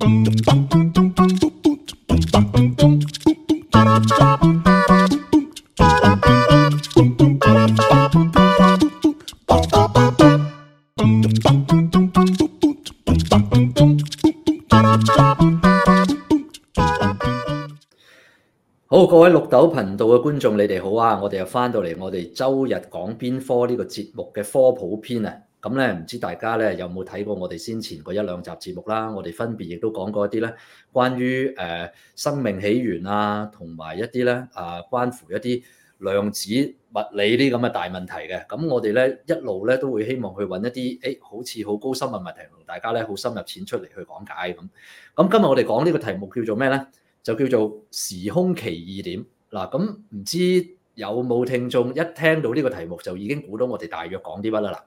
好，各位綠豆頻道嘅觀眾，你哋好啊！我哋又翻到嚟，我哋周日講邊科呢個節目嘅科普篇啊！咁咧，唔知大家咧有冇睇過我哋先前嗰一兩集節目啦？我哋分別亦都講過一啲咧，關於誒生命起源啊，同埋一啲咧啊關乎一啲量子物理呢啲咁嘅大問題嘅。咁我哋咧一路咧都會希望去搵一啲誒好似好高深嘅問題，同大家咧好深入淺出嚟去講解咁。咁今日我哋講呢個題目叫做咩咧？就叫做時空奇異點嗱。咁唔知有冇聽眾一聽到呢個題目就已經估到我哋大約講啲乜啦嗱？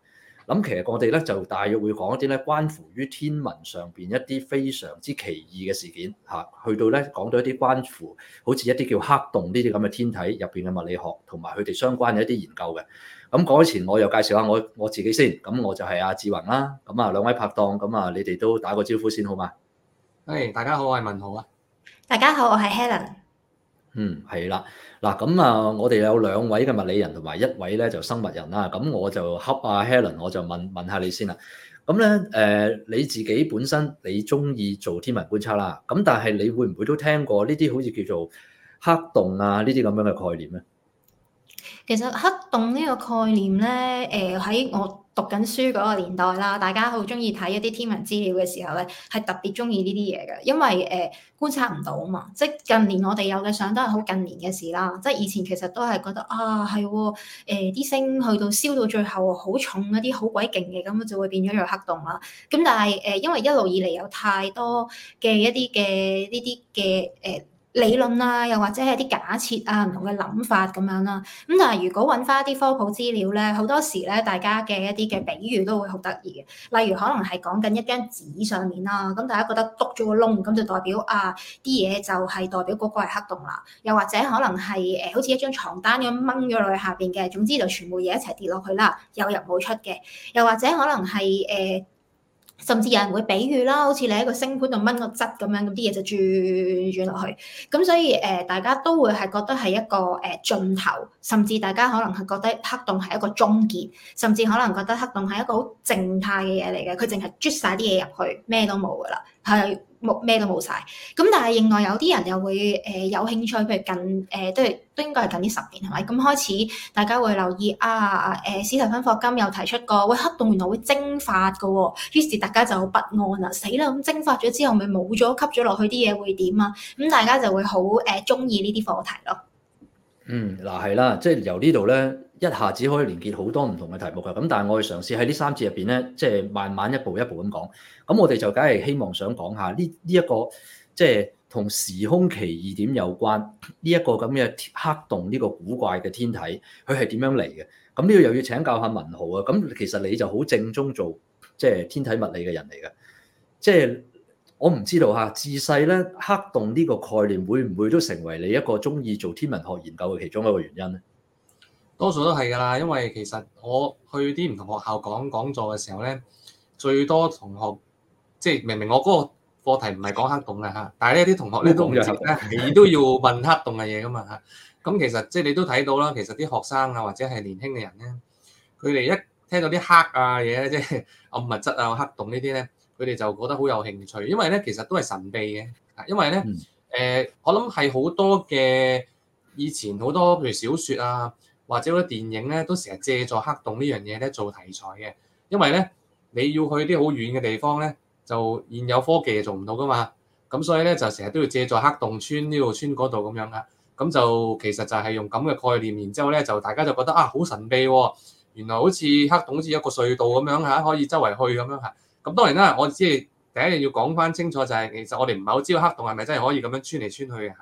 咁其實我哋咧就大約會講一啲咧關乎於天文上邊一啲非常之奇異嘅事件嚇，去到咧講到一啲關乎好似一啲叫黑洞呢啲咁嘅天體入邊嘅物理學同埋佢哋相關嘅一啲研究嘅。咁講起前，我又介紹下我我自己先。咁我就係阿志宏啦。咁啊兩位拍檔，咁啊你哋都打個招呼先好嗎？誒，Hey, 大家好，我係文豪啊。大家好，我係 Helen。嗯，係啦，嗱咁啊，我哋有兩位嘅物理人同埋一位咧就生物人啦，咁我就恰阿、啊、Helen，我就問問下你先啦。咁咧，誒、呃、你自己本身你中意做天文觀察啦，咁但係你會唔會都聽過呢啲好似叫做黑洞啊呢啲咁樣嘅概念咧？其實黑洞呢個概念咧，誒、呃、喺我讀緊書嗰個年代啦，大家好中意睇一啲天文資料嘅時候咧，係特別中意呢啲嘢嘅，因為誒、呃、觀察唔到啊嘛，即係近年我哋有嘅相都係好近年嘅事啦，即係以前其實都係覺得啊係，誒啲、呃、星去到燒到最後好重一啲好鬼勁嘅咁，就會變咗有黑洞啦。咁但係誒、呃，因為一路以嚟有太多嘅一啲嘅呢啲嘅誒。理論啊，又或者係啲假設啊，唔同嘅諗法咁樣啦、啊。咁但係如果揾翻啲科普資料咧，好多時咧大家嘅一啲嘅比喻都會好得意嘅。例如可能係講緊一張紙上面啦、啊，咁大家覺得篤咗個窿，咁就代表啊啲嘢就係代表嗰個係黑洞啦。又或者可能係誒、呃、好似一張床單咁掹咗落去下邊嘅，總之就全部嘢一齊跌落去啦，有入冇出嘅。又或者可能係誒。呃甚至有人會比喻啦，好似你喺個星盤度掹個質咁樣，咁啲嘢就轉轉落去。咁所以誒、呃，大家都會係覺得係一個誒盡頭，甚至大家可能係覺得黑洞係一個終結，甚至可能覺得黑洞係一個好靜態嘅嘢嚟嘅，佢淨係啜晒啲嘢入去，咩都冇㗎啦，係。冇咩都冇晒，咁但係另外有啲人又會誒有興趣，譬如近誒都係都應該係近呢十年係咪？咁開始大家會留意啊誒，史提芬霍金又提出過，喂黑洞原來會蒸發噶、哦，於是大家就好不安啦、啊，死啦咁蒸發咗之後，咪冇咗吸咗落去啲嘢會點啊？咁、嗯、大家就會好誒鍾意呢啲課題咯。嗯，嗱係啦，即、就、係、是、由呢度咧。一下子可以連結好多唔同嘅題目㗎，咁但係我哋嘗試喺呢三節入邊咧，即係慢慢一步一步咁講。咁我哋就梗係希望想講下呢呢一個即係同時空奇異點有關呢一個咁嘅黑洞呢個古怪嘅天體，佢係點樣嚟嘅？咁呢個又要請教下文豪啊！咁其實你就好正宗做即係天體物理嘅人嚟嘅，即係我唔知道吓自細咧黑洞呢個概念會唔會都成為你一個中意做天文學研究嘅其中一個原因咧？多數都係㗎啦，因為其實我去啲唔同學校講講座嘅時候咧，最多同學即係明明我嗰個課題唔係講黑洞嘅嚇，但係呢啲同學咧都唔識咧， 你都要問黑洞嘅嘢㗎嘛嚇。咁其實即係你都睇到啦，其實啲學生啊或者係年輕嘅人咧，佢哋一聽到啲黑啊嘢即係暗物質啊、黑洞呢啲咧，佢哋就覺得好有興趣，因為咧其實都係神秘嘅。因為咧誒、呃，我諗係好多嘅以前好多譬如小説啊。或者好多電影咧都成日借助黑洞呢樣嘢咧做題材嘅，因為咧你要去啲好遠嘅地方咧，就現有科技做唔到噶嘛，咁所以咧就成日都要借助黑洞穿呢度穿嗰度咁樣噶，咁就其實就係用咁嘅概念，然之後咧就大家就覺得啊好神秘喎，哦，原來好似黑洞好似一個隧道咁樣嚇，可以周圍去咁樣嚇，咁當然啦，我先第一樣要講返清楚就係、是、其實我哋唔係好知道黑洞係咪真係可以咁樣穿嚟穿去嘅，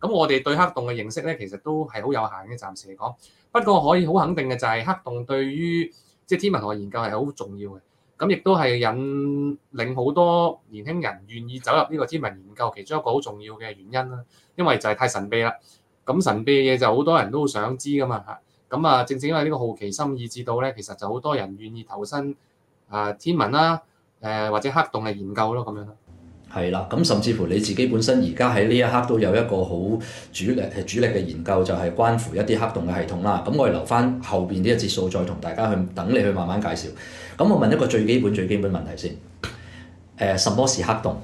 咁我哋對黑洞嘅認識咧其實都係好有限嘅，暫時嚟講。不過可以好肯定嘅就係黑洞對於即係、就是、天文學研究係好重要嘅，咁亦都係引領好多年輕人願意走入呢個天文研究其中一個好重要嘅原因啦。因為就係太神秘啦，咁神秘嘅嘢就好多人都想知噶嘛吓。咁啊，正正因為呢個好奇心，以至到咧，其實就好多人願意投身啊天文啦，誒或者黑洞嘅研究咯咁樣。係啦，咁甚至乎你自己本身而家喺呢一刻都有一個好主力係主力嘅研究，就係關乎一啲黑洞嘅系統啦。咁我哋留翻後邊呢嘅節數，再同大家去等你去慢慢介紹。咁我問一個最基本最基本問題先，誒、呃，什麼是黑洞？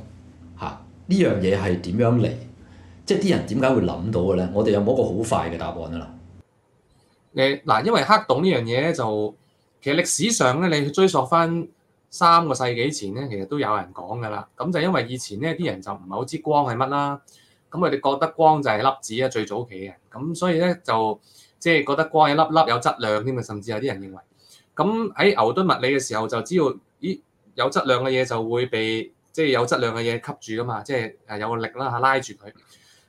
嚇、啊，呢樣嘢係點樣嚟？即係啲人點解會諗到嘅咧？我哋有冇一個好快嘅答案啊？啦，誒嗱，因為黑洞呢樣嘢咧，就其實歷史上咧，你去追溯翻。三個世紀前咧，其實都有人講噶啦。咁就因為以前咧，啲人就唔係好知光係乜啦。咁佢哋覺得光就係粒子啊，最早期嘅。咁所以咧就即係覺得光係粒粒有質量添啊，甚至有啲人認為。咁喺牛頓物理嘅時候就知道，就只要咦有質量嘅嘢就會被即係，就是，有質量嘅嘢吸住噶嘛，即係誒有個力啦嚇，拉住佢。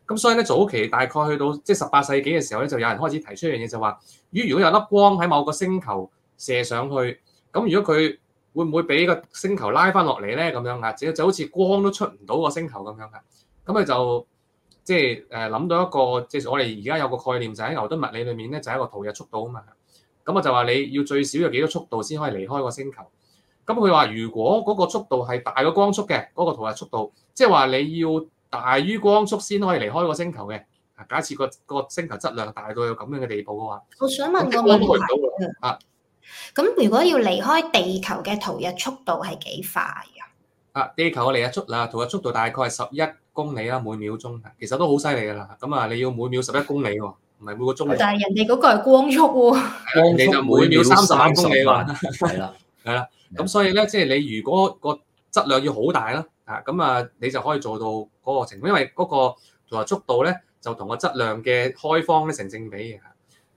咁所以咧早期大概去到即係十八世紀嘅時候咧，就有人開始提出一樣嘢就話，如果有一粒光喺某個星球射上去，咁如果佢會唔會俾個星球拉翻落嚟咧？咁樣啊，即係就好似光都出唔到個星球咁樣啊。咁佢就即係誒諗到一個，即係我哋而家有個概念就喺牛頓物理裏面咧，就係一個逃逸速度啊嘛。咁我就話你要最少有幾多速度先可以離開個星球？咁佢話如果嗰個速度係大過光速嘅，嗰個逃逸速度，即係話你要大於光速先可以離開個星球嘅。假設個個星球質量大到有咁樣嘅地步嘅話，我想問個問題啊。咁如果要離開地球嘅逃逸速度係幾快啊？啊，地球嘅逃逸速啊，逃逸速度大概係十一公里啦，每秒鐘，其實都好犀利噶啦。咁啊，你要每秒十一公里喎，唔係每個鐘。但係人哋嗰個係光速喎，你就每秒三十萬公里啦，係啦， 係啦。咁所以咧，即係你如果個質量要好大啦，啊，咁啊，你就可以做到嗰個情況，因為嗰個逃逸速度咧就同個質量嘅開方咧成正比嘅。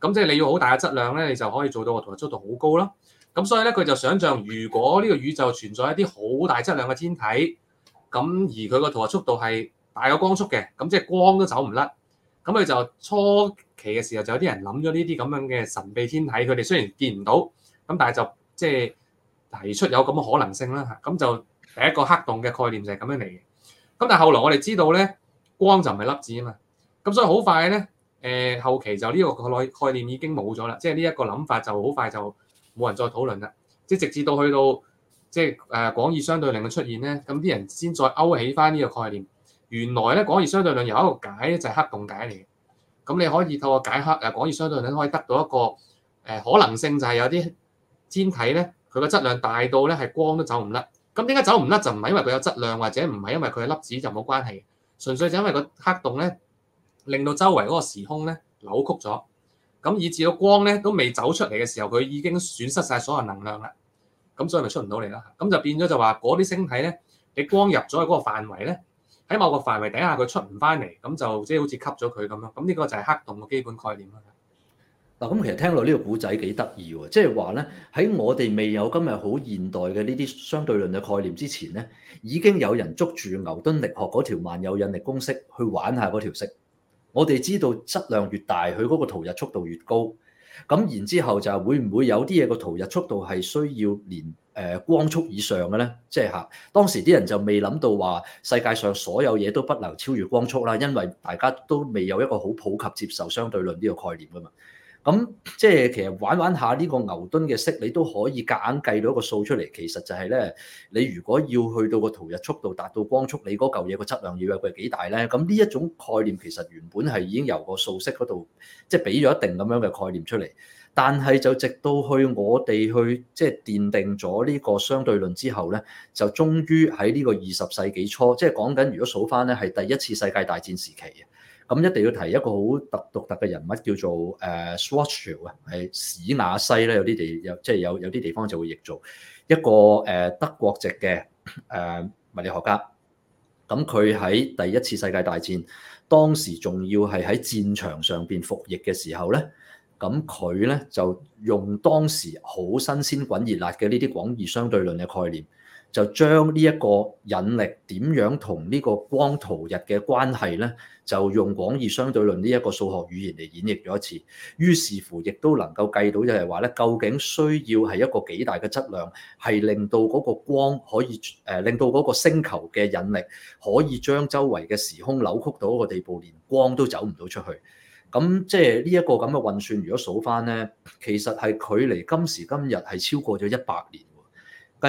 咁即係你要好大嘅質量咧，你就可以做到個逃逸速度好高啦。咁所以咧，佢就想像如果呢個宇宙存在一啲好大質量嘅天體，咁而佢個逃逸速度係大過光速嘅，咁即係光都走唔甩。咁佢就初期嘅時候就有啲人諗咗呢啲咁樣嘅神秘天體，佢哋雖然見唔到，咁但係就即係、就係、提出有咁嘅可能性啦。咁就第一個黑洞嘅概念就係咁樣嚟嘅。咁但係後來我哋知道咧，光就唔係粒子啊嘛，咁所以好快咧。誒後期就呢一個概念已經冇咗啦，即係呢一個諗法就好快就冇人再討論啦。即係直至到去到即係誒廣義相對論嘅出現咧，咁啲人先再勾起翻呢個概念。原來咧，廣義相對論有一個解就係黑洞解嚟嘅。咁你可以透過解黑誒廣義相對論可以得到一個誒可能性，就係有啲天體咧，佢個質量大到咧，係光都走唔甩。咁點解走唔甩，就唔係因為佢有質量，或者唔係因為佢嘅粒子就冇關係。純粹就因為個黑洞咧。令到周圍嗰個時空咧扭曲咗，咁以至到光咧都未走出嚟嘅時候，佢已經損失晒所有能量啦。咁所以咪出唔到嚟啦。咁就變咗就話嗰啲星體咧，你光入咗去嗰個範圍咧，喺某個範圍底下佢出唔翻嚟，咁就即係好似吸咗佢咁樣。咁呢個就係黑洞嘅基本概念啦。嗱，咁其實聽落、就是、呢個古仔幾得意喎，即係話咧喺我哋未有今日好現代嘅呢啲相對論嘅概念之前咧，已經有人捉住牛頓力學嗰條萬有引力公式去玩下嗰條式。我哋知道質量越大，佢嗰個逃逸速度越高。咁然之後就係會唔會有啲嘢個逃逸速度係需要連誒光速以上嘅咧？即係吓，當時啲人就未諗到話世界上所有嘢都不能超越光速啦，因為大家都未有一個好普及接受相對論呢個概念㗎嘛。咁即係其實玩玩下呢個牛頓嘅式，你都可以夾硬計到一個數出嚟。其實就係咧，你如果要去到個逃逸速度達到光速，你嗰嚿嘢個質量要有佢幾大咧？咁呢一種概念其實原本係已經由個數式嗰度，即係俾咗一定咁樣嘅概念出嚟。但係就直到去我哋去即係奠定咗呢個相對論之後咧，就終於喺呢個二十世紀初，即係講緊如果數翻咧係第一次世界大戰時期嘅。咁一定要提一個好特獨特嘅人物，叫做誒 Schwarzschild 係史那西咧，有啲地有即係、就是、有有啲地方就會譯做一個誒德國籍嘅誒物理學家。咁佢喺第一次世界大戰當時仲要係喺戰場上邊服役嘅時候咧，咁佢咧就用當時好新鮮滾熱辣嘅呢啲廣義相對論嘅概念，就將呢一個引力點樣同呢個光逃逸嘅關係咧，就用廣義相對論呢一個數學語言嚟演繹咗一次。於是乎，亦都能夠計到，就係話咧，究竟需要係一個幾大嘅質量，係令到嗰個光可以誒，令到嗰個星球嘅引力可以將周圍嘅時空扭曲到一個地步，連光都走唔到出去。咁即係呢一個咁嘅運算，如果數返咧，其實係距離今時今日係超過咗一百年。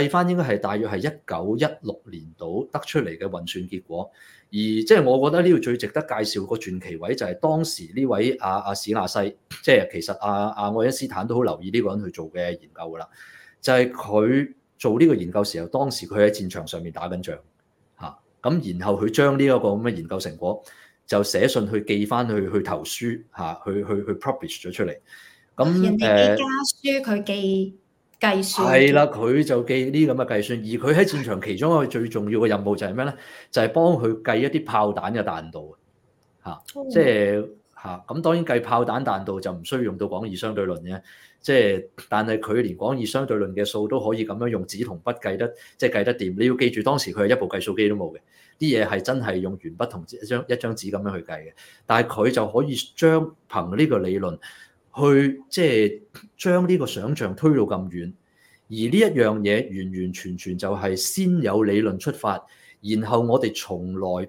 計翻應該係大約係一九一六年度得出嚟嘅運算結果而，而即係我覺得呢度最值得介紹個傳奇位就係當時呢位阿、啊、阿、啊、史瓦西，即、就、係、是、其實阿、啊、阿、啊、愛因斯坦都好留意呢個人去做嘅研究噶啦，就係佢做呢個研究時候，當時佢喺戰場上面打緊仗嚇，咁、啊、然後佢將呢一個咁嘅研究成果就寫信去寄翻去去投書嚇、啊，去去去 publish 咗出嚟。咁人哋寄家書，佢寄。計算係啦，佢就計呢咁嘅計算，而佢喺戰場其中一個最重要嘅任務就係咩咧？就係、是、幫佢計一啲炮彈嘅彈道、嗯、啊！即係嚇，咁當然計炮彈彈道就唔需要用到廣義相對論嘅，即、就、係、是、但係佢連廣義相對論嘅數都可以咁樣用紙同筆計得，即、就、係、是、計得掂。你要記住，當時佢係一部計數機都冇嘅，啲嘢係真係用鉛筆同一張一張紙咁樣去計嘅，但係佢就可以將憑呢個理論。去即係將呢個想像推到咁遠，而呢一樣嘢完完全全就係先有理論出發，然後我哋從來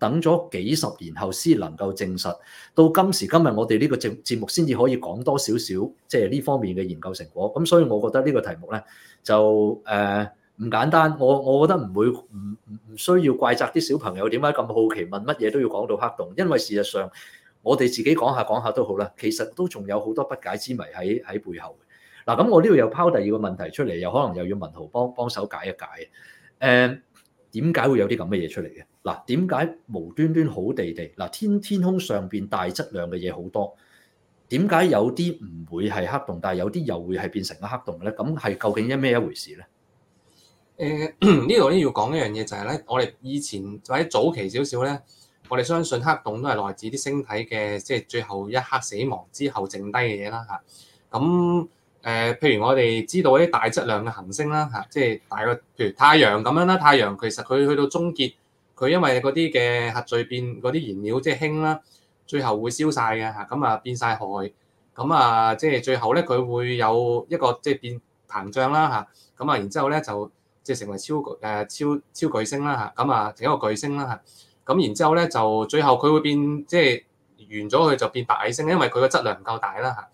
等咗幾十年後先能夠證實，到今時今日我哋呢個節節目先至可以講多少少即係呢方面嘅研究成果。咁所以我覺得呢個題目咧就誒唔簡單。我我覺得唔會唔唔唔需要怪責啲小朋友點解咁好奇問乜嘢都要講到黑洞，因為事實上。我哋自己講下講下都好啦，其實都仲有好多不解之謎喺喺背後嘅。嗱、啊、咁，我呢度又拋第二個問題出嚟，又可能又要文豪幫幫手解一解。誒、啊，點解會有啲咁嘅嘢出嚟嘅？嗱、啊，點解無端端好地地嗱、啊、天天空上邊大質量嘅嘢好多，點解有啲唔會係黑洞，但係有啲又會係變成咗黑洞咧？咁係究竟因咩一回事咧？誒、呃，呢度咧要講一樣嘢就係咧，我哋以前或者早期少少咧。我哋相信黑洞都係來自啲星體嘅，即係最後一刻死亡之後剩低嘅嘢啦嚇。咁誒、呃，譬如我哋知道啲大質量嘅恆星啦嚇，即係大個，譬如太陽咁樣啦。太陽其實佢去到終結，佢因為嗰啲嘅核聚變嗰啲燃料即係氫啦，最後會燒晒嘅嚇，咁啊變晒氦。咁啊即係最後咧佢會有一個即係變膨脹啦嚇，咁啊然之後咧就即係成為超誒超超巨星啦嚇，咁啊整一個巨星啦嚇。咁然之後咧，就最後佢會變即係、就是、完咗佢就變白矮星，因為佢個質量唔夠大啦嚇。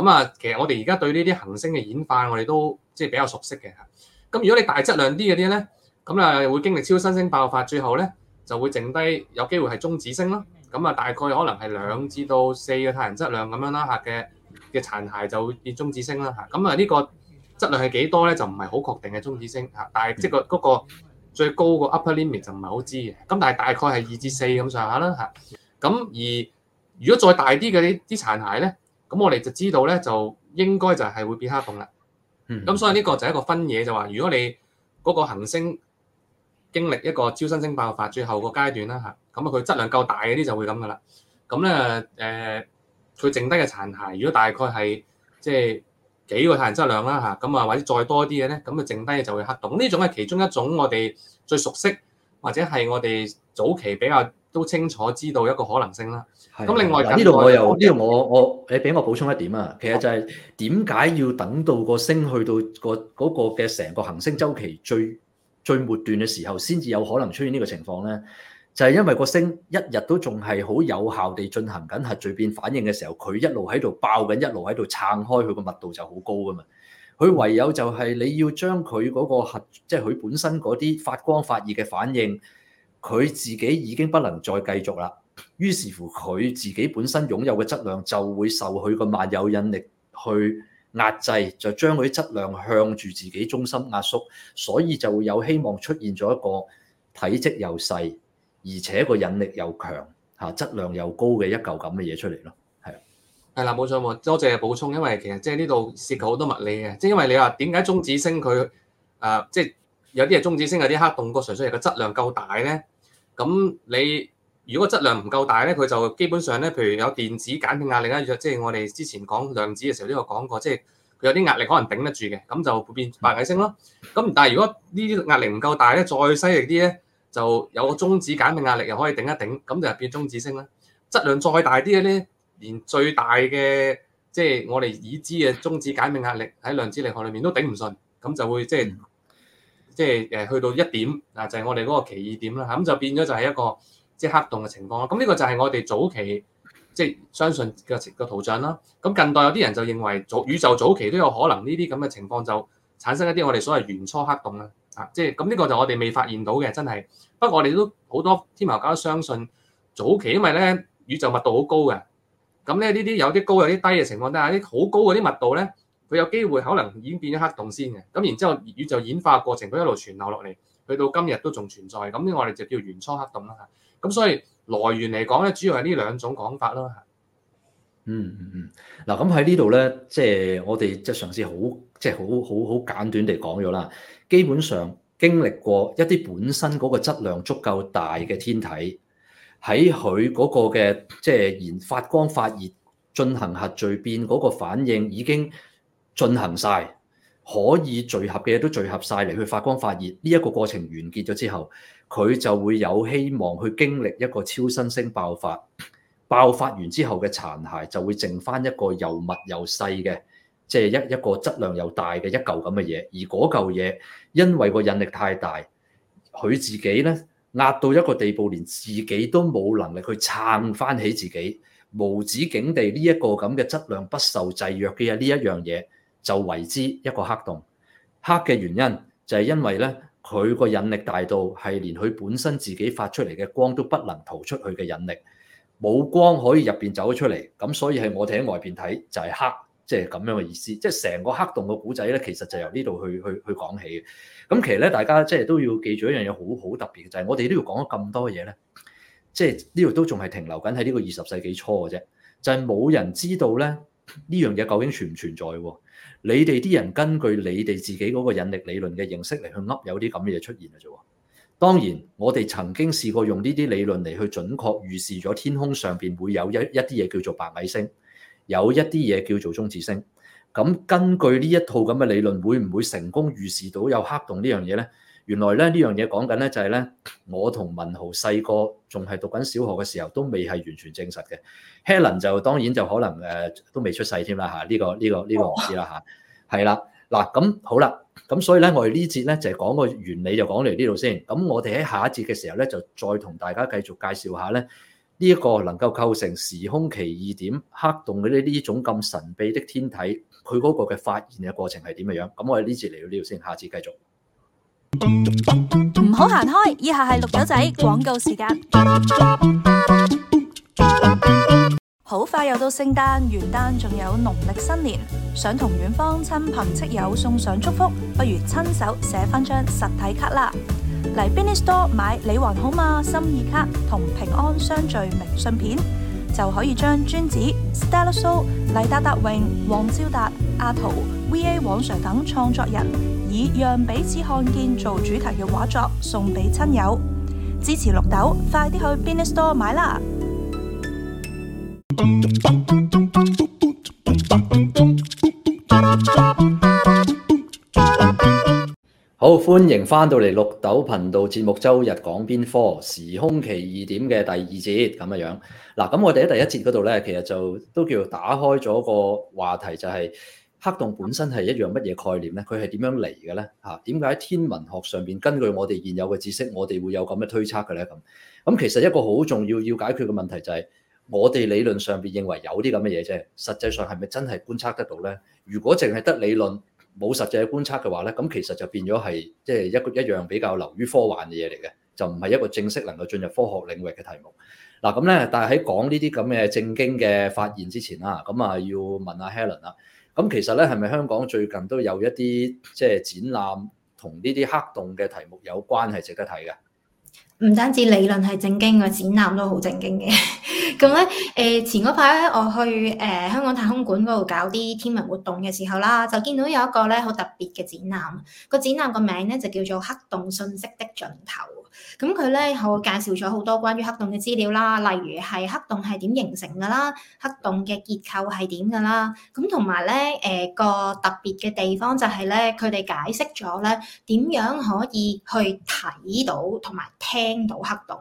咁啊，其實我哋而家對呢啲恆星嘅演化，我哋都即係比較熟悉嘅嚇。咁、啊、如果你大質量啲嗰啲咧，咁啊會經歷超新星爆發，最後咧就會剩低有機會係中子星咯。咁啊，啊大概可能係兩至到四個太陽質量咁樣啦嚇嘅嘅殘骸就會變中子星啦嚇。咁啊，啊，啊、這個、質呢個質量係幾多咧？就唔係好確定嘅中子星嚇、啊，但係即係個嗰個。那個最高個 upper limit 就唔係好知嘅，咁但係大概係二至四咁上下啦嚇。咁而如果再大啲嘅啲殘骸咧，咁我哋就知道咧就應該就係會變黑洞啦。咁、嗯、所以呢個就係一個分野，就話，如果你嗰個恆星經歷一個超新星爆發最後個階段啦嚇，咁啊佢質量夠大嗰啲就會咁噶啦。咁咧誒，佢、呃、剩低嘅殘骸如果大概係即係。就是幾個太陽質量啦嚇，咁啊或者再多啲嘅咧，咁啊剩低嘅就會黑洞。呢種係其中一種我哋最熟悉，或者係我哋早期比較都清楚知道一個可能性啦。咁的另外呢度的我又呢度我我，我，你俾我補充一點啊。我其實就係點解要等到個星去到個嗰個嘅成個恆星周期最最末段嘅時候，先至有可能出現呢個情況咧？就係因為個星一日都仲係好有效地進行緊核聚變反應嘅時候，佢一路喺度爆緊，一路喺度撐開，佢個密度就好高噶嘛。佢唯有就係你要將佢嗰個核，即係佢本身嗰啲發光發熱嘅反應，佢自己已經不能再繼續啦。於是乎佢自己本身擁有嘅質量就會受佢個萬有引力去壓制，就將佢啲質量向住自己中心壓縮，所以就會有希望出現咗一個體積又細，而且個引力又強嚇，質量又高嘅一嚿咁嘅嘢出嚟咯，係啊，係啦，冇錯喎，多謝你補充，因為其實即係呢度涉及好多物理嘅，即係因為你話點解中子星佢啊，即係，呃，有啲係中子星，有啲黑洞層層層，個純粹係個質量夠大咧。咁你如果個質量唔夠大咧，佢就基本上咧，譬如有電子簡並壓力啊，即係我哋之前講量子嘅時候，都有講過，即係佢有啲壓力可能頂得住嘅，咁就變白矮星咯。咁但係如果呢啲壓力唔夠大咧，再犀利啲咧。就有個中子簡並壓力又可以頂一頂，咁就變中子星啦。質量再大啲嘅咧，連最大嘅即係我哋已知嘅中子簡並壓力喺量子力學裏面都頂唔順，咁就會即係即係誒去到一點嗱，就係、是、我哋嗰個奇異點啦。咁就變咗就係一個即係、就是、黑洞嘅情況啦。咁呢個就係我哋早期即係、就是、相信嘅個圖像啦。咁近代有啲人就認為早宇宙早期都有可能呢啲咁嘅情況，就產生一啲我哋所謂原初黑洞啦。啊，即係咁呢個就我哋未發現到嘅，真係。不過我哋都好多天文家都相信，早期因為咧宇宙密度好高嘅，咁咧呢啲有啲高有啲低嘅情況，底下，啲好高嗰啲密度咧，佢有機會可能已經變咗黑洞先嘅。咁然之後宇宙演化過程佢一路傳流落嚟，去到今日都仲存在。咁呢我哋就叫原初黑洞啦吓。咁所以來源嚟講咧，主要係呢兩種講法啦吓。嗯，嗯嗯嗯，嗱咁喺呢度咧，即係我哋即係嘗試好。即係好好好簡短地講咗啦。基本上經歷過一啲本身嗰個質量足夠大嘅天體，喺佢嗰個嘅即係燃發光發熱進行核聚變嗰個反應已經進行晒，可以聚合嘅嘢都聚合晒嚟去發光發熱。呢一個過程完結咗之後，佢就會有希望去經歷一個超新星爆發。爆發完之後嘅殘骸就會剩翻一個又密又細嘅。即係一一個質量又大嘅一嚿咁嘅嘢，而嗰嚿嘢因為個引力太大，佢自己咧壓到一個地步，連自己都冇能力去撐返起自己無止境地呢一個咁嘅質量不受制約嘅嘢，呢一樣嘢就為之一個黑洞。黑嘅原因就係因為咧佢個引力大到係連佢本身自己發出嚟嘅光都不能逃出去嘅引力，冇光可以入邊走咗出嚟，咁所以係我哋喺外邊睇就係、是、黑。即係咁樣嘅意思，即係成個黑洞嘅古仔咧，其實就由呢度去去去講起嘅。咁其實咧，大家即係都要記住一樣嘢，好好特別嘅就係，我哋都要講咗咁多嘢咧，即係呢度都仲係停留緊喺呢個二十世紀初嘅啫。就係冇人知道咧，呢樣嘢究竟存唔存在喎。你哋啲人根據你哋自己嗰個引力理論嘅認識嚟去噏有啲咁嘅嘢出現啊啫。當然我哋曾經試過用呢啲理論嚟去準確預示咗天空上邊會有一一啲嘢叫做白矮星。有一啲嘢叫做中子星，咁根據呢一套咁嘅理論，會唔會成功預示到有黑洞呢樣嘢咧？原來咧呢樣嘢講緊咧就係咧，我同文豪細個仲係讀緊小學嘅時候，都未係完全證實嘅。Helen 就當然就可能誒、呃、都未出世添啦嚇，呢、呢個呢、呢個呢、呢個唔知啦嚇，係啦嗱咁好啦，咁所以咧我哋呢節咧就係、是、講個原理就講嚟呢度先，咁我哋喺下一節嘅時候咧就再同大家繼續介紹下咧。呢一個能夠構成時空奇異點黑洞嘅呢，呢種咁神秘的天體，佢嗰個嘅發現嘅過程係點嘅樣？咁我哋呢次嚟到呢度先，下次繼續。唔好行開，以下係綠友仔廣告時間。好快又到聖誕、元旦，仲有農曆新年，想同遠方親朋戚友送上祝福，不如親手寫翻張實體卡啦。嚟 Bean Store 買你還好嗎心意卡同平安相聚明信片，就可以將尊子 Stella So、St ol, 黎達達榮、黃照達、阿塗、VA、王 Sir 等創作人以讓彼此看見做主題嘅畫作送俾親友，支持綠豆，快啲去 Bean Store 買啦！ 好，歡迎翻到嚟綠豆頻道節目周日講邊科時空奇異點嘅第二節咁嘅樣。嗱、啊，咁我哋喺第一節嗰度咧，其實就都叫打開咗個話題、就是，就係黑洞本身係一樣乜嘢概念咧？佢係點樣嚟嘅咧？嚇、啊，點解天文學上邊根據我哋現有嘅知識，我哋會有咁嘅推測嘅咧？咁、啊、咁其實一個好重要要解決嘅問題就係、是，我哋理論上邊認為有啲咁嘅嘢啫，實際上係咪真係觀察得到咧？如果淨係得理論，冇實際嘅觀測嘅話咧，咁其實就變咗係即係一個、就係、一樣比較流於科幻嘅嘢嚟嘅，就唔係一個正式能夠進入科學領域嘅題目。嗱咁咧，但係喺講呢啲咁嘅正經嘅發現之前啦，咁啊要問下 Helen 啦。咁其實咧係咪香港最近都有一啲即係展覽同呢啲黑洞嘅題目有關係值得睇嘅？唔單止理論係正經嘅，展覽都好正經嘅。咁 咧，誒、呃、前嗰排咧，我去誒、呃、香港太空館嗰度搞啲天文活動嘅時候啦，就見到有一個咧好特別嘅展覽，個展覽個名咧就叫做《黑洞訊息的盡頭》。咁佢咧，我介紹咗好多關於黑洞嘅資料啦，例如係黑洞係點形成㗎啦，黑洞嘅結構係點㗎啦，咁同埋咧，誒個特別嘅地方就係咧，佢哋解釋咗咧點樣可以去睇到同埋聽到黑洞。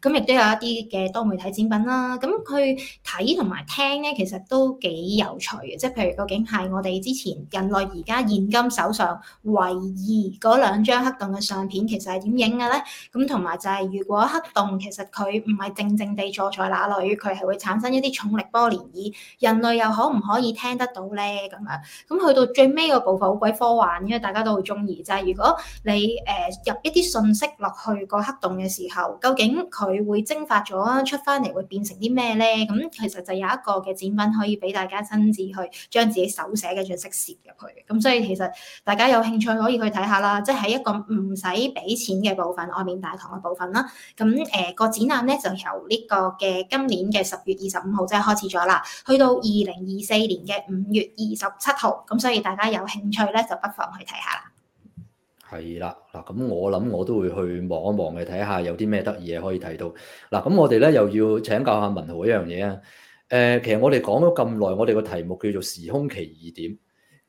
咁亦都有一啲嘅多媒體展品啦，咁佢睇同埋聽咧，其實都幾有趣嘅。即係譬如，究竟係我哋之前人類而家現今手上唯二嗰兩張黑洞嘅相片，其實係點影嘅咧？咁同埋就係，如果黑洞其實佢唔係靜靜地坐喺哪裏，佢係會產生一啲重力波漣漪，人類又可唔可以聽得到咧？咁樣咁去到最尾個部分好鬼科幻，因為大家都會中意。就係、是、如果你誒、呃、入一啲信息落去個黑洞嘅時候，究竟？佢會蒸發咗出翻嚟，會變成啲咩咧？咁其實就有一個嘅展品可以俾大家親自去將自己手寫嘅彩色攝入去。咁所以其實大家有興趣可以去睇下啦，即係一個唔使俾錢嘅部分，外面大堂嘅部分啦。咁誒個展覽咧就由呢個嘅今年嘅十月二十五號即係開始咗啦，去到二零二四年嘅五月二十七號。咁所以大家有興趣咧就不妨去睇下啦。係啦，嗱咁我諗我都會去望一望嘅，睇下有啲咩得意嘢可以睇到。嗱咁我哋咧又要請教下文豪一樣嘢啊。誒、呃，其實我哋講咗咁耐，我哋個題目叫做時空奇異點。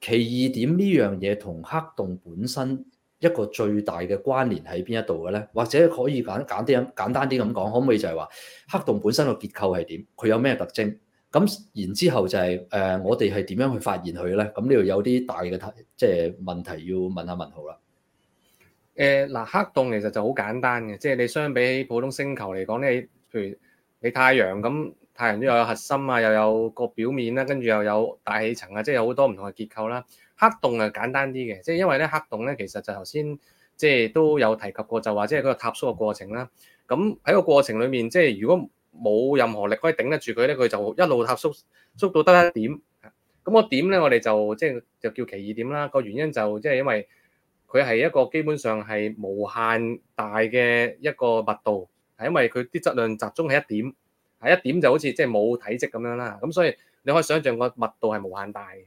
奇異點呢樣嘢同黑洞本身一個最大嘅關聯喺邊一度嘅咧？或者可以簡簡啲、簡單啲咁講，可唔可以就係話黑洞本身個結構係點？佢有咩特徵？咁然之後就係、是、誒、呃，我哋係點樣去發現佢咧？咁呢度有啲大嘅即係問題要問下文豪啦。誒嗱、呃，黑洞其實就好簡單嘅，即、就、係、是、你相比起普通星球嚟講咧，譬如你太陽咁，太陽都有核心啊，又有個表面啦、啊，跟住又有大氣層啊，即、就、係、是、有好多唔同嘅結構啦、啊。黑洞啊簡單啲嘅，即、就、係、是、因為咧黑洞咧其實就頭先即係都有提及過，就話即係佢個塌縮嘅過程啦、啊。咁喺個過程裡面，即、就、係、是、如果冇任何力可以頂得住佢咧，佢就一路塌縮縮到得一點，點。咁、那個點咧，我哋就即係、就是、就叫奇異點啦。個原因就即係因為。佢係一個基本上係無限大嘅一個密度，係因為佢啲質量集中喺一點，喺一點就好似即係冇體積咁樣啦。咁所以你可以想象個密度係無限大嘅。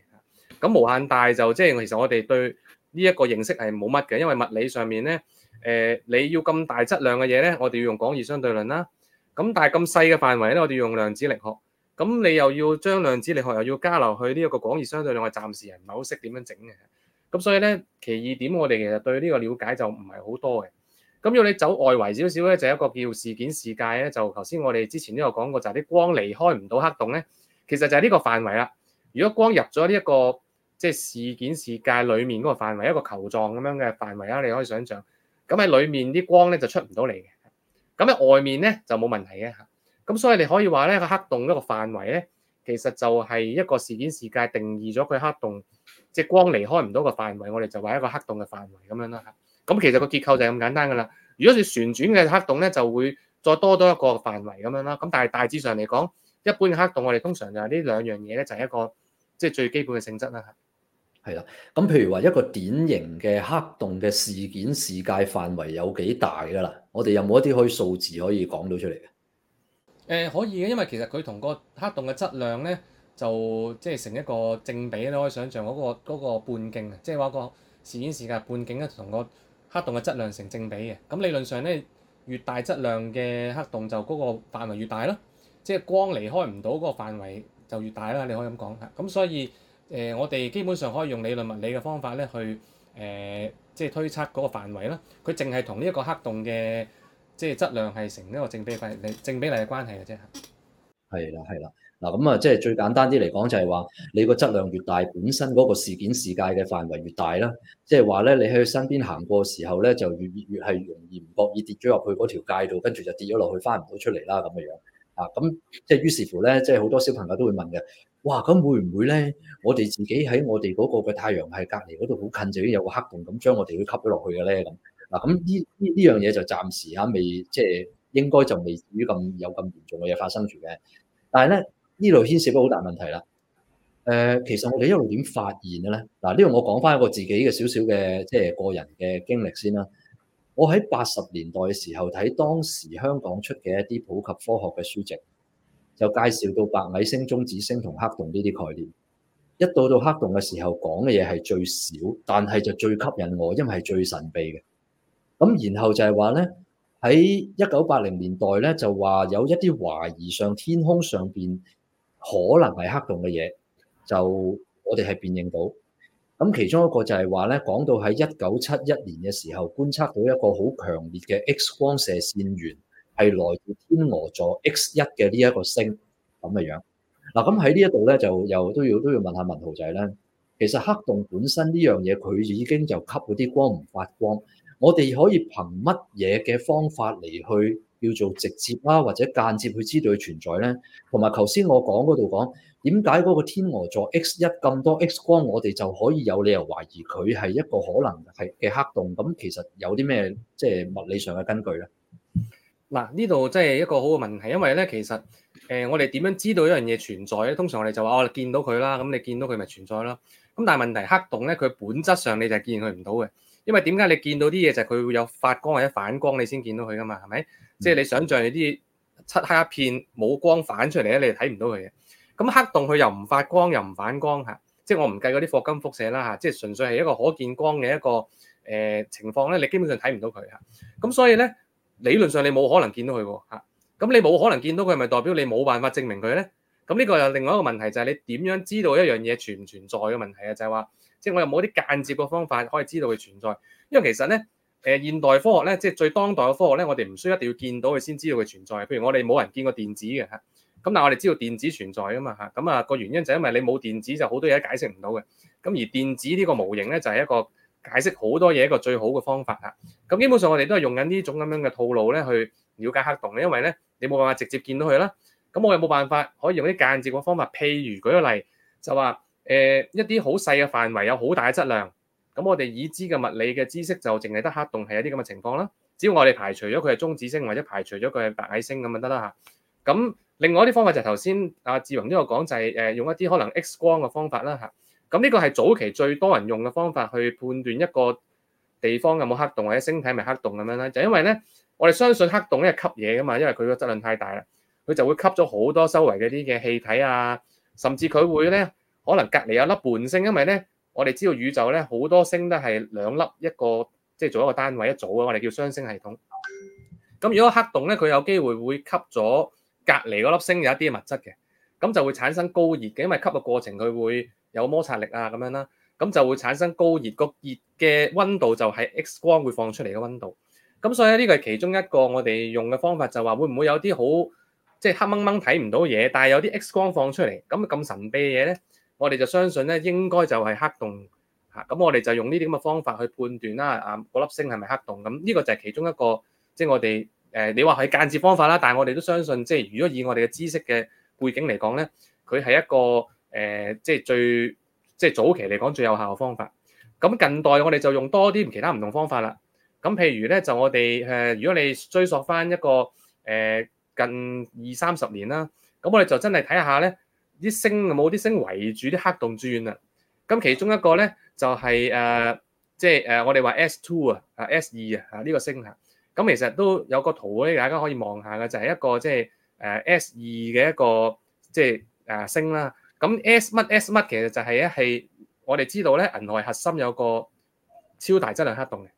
咁無限大就即係其實我哋對呢一個認識係冇乜嘅，因為物理上面咧，誒你要咁大質量嘅嘢咧，我哋要用廣義相對論啦。咁但係咁細嘅範圍咧，我哋要用量子力學。咁你又要將量子力學又要加落去呢一個廣義相對論，我暫時係唔係好識點樣整嘅。咁所以咧，其二點我哋其實對呢個了解就唔係好多嘅。咁要你走外圍少少咧，就是、一個叫事件視界咧，就頭先我哋之前都有講過，就係、是、啲光離開唔到黑洞咧，其實就係呢個範圍啦。如果光入咗呢一個即係、就是、事件視界裡面嗰個範圍，一個球狀咁樣嘅範圍啦、啊，你可以想象，咁喺裡面啲光咧就出唔到嚟嘅。咁喺外面咧就冇問題嘅嚇。咁所以你可以話咧，個黑洞嗰個範圍咧，其實就係一個事件視界定義咗佢黑洞，即、即係、光離開唔到個範圍，我哋就話一個黑洞嘅範圍咁樣啦嚇。咁其實個結構就係咁簡單噶啦。如果係旋轉嘅黑洞咧，就會再多多一個範圍咁樣啦。咁但係大致上嚟講，一般嘅黑洞我哋通常就係呢兩樣嘢咧，就係一個即最基本嘅性質啦。係啦，咁譬如話一個典型嘅黑洞嘅事件視界範圍有幾大噶啦？我哋有冇一啲可以數字可以講到出嚟嘅？誒可以嘅，因為其實佢同個黑洞嘅質量咧，就即係成一個正比咧。你可以想象嗰個嗰個半徑啊，即係話個事件視界半徑咧，同個黑洞嘅質量成正比嘅。咁理論上咧，越大質量嘅黑洞就嗰個範圍越大咯，即係光離開唔到嗰個範圍就越大啦。你可以咁講。咁所以誒、呃，我哋基本上可以用理論物理嘅方法咧，去誒即係推測嗰個範圍啦。佢淨係同呢一個黑洞嘅。即係質量係成一個正比例正比例嘅關係嘅啫，係啦，係啦。嗱咁啊，即係最簡單啲嚟講就係話，你個質量越大，本身嗰個事件視界嘅範圍越大啦。即係話咧，你喺佢身邊行過時候咧，就越越係容易唔覺意跌咗落去嗰條界度，跟住就跌咗落去，翻唔到出嚟啦咁嘅樣。啊咁，即係於是乎咧，即係好多小朋友都會問嘅，哇！咁會唔會咧，我哋自己喺我哋嗰個嘅太陽系隔離嗰度好近，就已經有個黑洞咁將我哋都吸咗落去嘅咧咁？嗱咁，呢呢呢樣嘢就暫時嚇未，即、就、係、是、應該就未至於咁有咁嚴重嘅嘢發生住嘅。但係咧，呢度牽涉到好大問題啦。誒，其實我哋一路點發現嘅咧？嗱、啊，呢度我講翻一個自己嘅少少嘅即係個人嘅經歷先啦。我喺八十年代嘅時候，睇當時香港出嘅一啲普及科學嘅書籍，就介紹到白矮星、中子星同黑洞呢啲概念。一到到黑洞嘅時候，講嘅嘢係最少，但係就最吸引我，因為係最神秘嘅。咁然後就係話咧，喺一九八零年代咧，就話有一啲懷疑上天空上邊可能係黑洞嘅嘢，就我哋係辨認到。咁其中一個就係話咧，講到喺一九七一年嘅時候，觀察到一個好強烈嘅 X 光射線源，係來自天鵝座 X 一嘅呢一個星咁嘅樣。嗱咁喺呢一度咧，就又都要都要問下問號就係咧，其實黑洞本身呢樣嘢，佢已經就吸嗰啲光唔發光。我哋可以憑乜嘢嘅方法嚟去叫做直接啦、啊，或者間接去知道佢存在咧？同埋頭先我講嗰度講，點解嗰個天鵝座 X 一咁多 X 光，我哋就可以有理由懷疑佢係一個可能係嘅黑洞？咁其實有啲咩即係物理上嘅根據咧？嗱，呢度即係一個好嘅問題，因為咧其實誒、呃，我哋點樣知道一樣嘢存在咧？通常我哋就話我哋見到佢啦，咁你見到佢咪存在啦。咁但係問題黑洞咧，佢本質上你就係見佢唔到嘅。因為點解你見到啲嘢就係佢會有發光或者反光，你先見到佢噶嘛，係咪？即係你想象你啲漆黑一片冇光反出嚟咧，你係睇唔到佢嘅。咁黑洞佢又唔發光又唔反光嚇，即係我唔計嗰啲霍金輻射啦嚇，即係純粹係一個可見光嘅一個誒情況咧，你基本上睇唔到佢嚇。咁所以咧理論上你冇可能見到佢喎嚇。咁你冇可能見到佢，係咪代表你冇辦法證明佢咧？咁呢個又另外一個問題就係你點樣知道一樣嘢存唔存在嘅問題啊？就係話。即係我又冇啲間接嘅方法可以知道佢存在，因為其實咧，誒現代科學咧，即係最當代嘅科學咧，我哋唔需要一定要見到佢先知道佢存在。譬如我哋冇人見過電子嘅嚇，咁但係我哋知道電子存在啊嘛嚇，咁、那、啊個原因就係因為你冇電子就好多嘢解釋唔到嘅。咁而電子呢個模型咧就係、是、一個解釋好多嘢一個最好嘅方法啊。咁基本上我哋都係用緊呢種咁樣嘅套路咧去了解黑洞嘅，因為咧你冇辦法直接見到佢啦。咁我又冇辦法可以用啲間接嘅方法？譬如舉個例就話。誒、呃、一啲好細嘅範圍有好大嘅質量，咁我哋已知嘅物理嘅知識就淨係得黑洞係一啲咁嘅情況啦。只要我哋排除咗佢係中子星或者排除咗佢係白矮星咁就得啦嚇。咁、啊、另外一啲方法就係頭先阿志宏都有講，就係誒用一啲可能 X 光嘅方法啦嚇。咁、啊、呢、啊這個係早期最多人用嘅方法去判斷一個地方有冇黑洞或者星體咪黑洞咁樣啦。就因為咧，我哋相信黑洞係吸嘢噶嘛，因為佢個質量太大啦，佢就會吸咗好多周圍嗰啲嘅氣體啊，甚至佢會咧。可能隔離有粒伴星，因為咧，我哋知道宇宙咧好多星都係兩粒一個，即係做一個單位一組嘅，我哋叫雙星系統。咁如果黑洞咧，佢有機會會吸咗隔離嗰粒星有一啲嘅物質嘅，咁就會產生高熱嘅，因為吸嘅過程佢會有摩擦力啊咁樣啦，咁就會產生高熱，個熱嘅溫度就係 X 光會放出嚟嘅溫度。咁所以呢個係其中一個我哋用嘅方法就會會，就話會唔會有啲好即係黑掹掹睇唔到嘢，但係有啲 X 光放出嚟，咁咁神秘嘅嘢咧？我哋就相信咧，應該就係黑洞嚇。咁我哋就用呢啲咁嘅方法去判斷啦。啊，嗰粒星係咪黑洞？咁呢個就係其中一個，即係我哋誒你話係間接方法啦。但係我哋都相信，即係如果以我哋嘅知識嘅背景嚟講咧，佢係一個誒，即係最即係早期嚟講最有效嘅方法。咁近代我哋就用多啲其他唔同方法啦。咁譬如咧，就我哋誒，如果你追溯翻一個誒近二三十年啦，咁我哋就真係睇下咧。啲星冇啲星圍住啲黑洞轉啊！咁其中一個咧就係、是、誒，即係誒，我哋話 S2 啊，啊 S 二啊，啊、這、呢個星啊。咁其實都有個圖咧，大家可以望下嘅，就係、是、一個即係誒 S 二嘅一個即係誒星啦。咁、啊、S 乜 S 乜其實就係一係我哋知道咧，銀河核心有個超大質量黑洞嘅。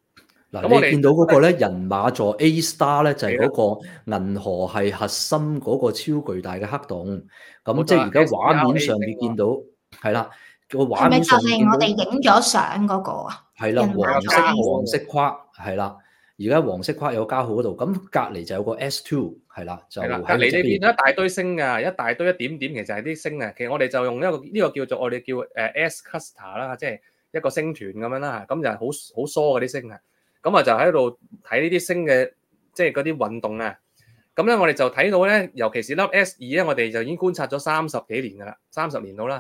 嗱，你見到嗰個咧，人馬座 A* 星咧，就係嗰個銀河系核心嗰個超巨大嘅黑洞。咁即係而家畫面上面見到，係啦，個畫面上面見到。係咪就係我哋影咗相嗰個啊？係啦，黃色黃色框係啦，而家黃色框有加號嗰度。咁隔籬就有個 S2 係啦，就喺呢邊。係啦，隔離你見到一大堆星㗎，一大堆一點點，其實係啲星啊。其實我哋就用一個呢個叫做我哋叫誒 S cluster 啦，即係一個星團咁樣啦。咁就係好好疏嗰啲星啊。咁啊就喺度睇呢啲星嘅，即係嗰啲運動啊。咁咧我哋就睇到咧，尤其是粒 S 二咧，我哋就已經觀察咗三十幾年噶啦，三十年到啦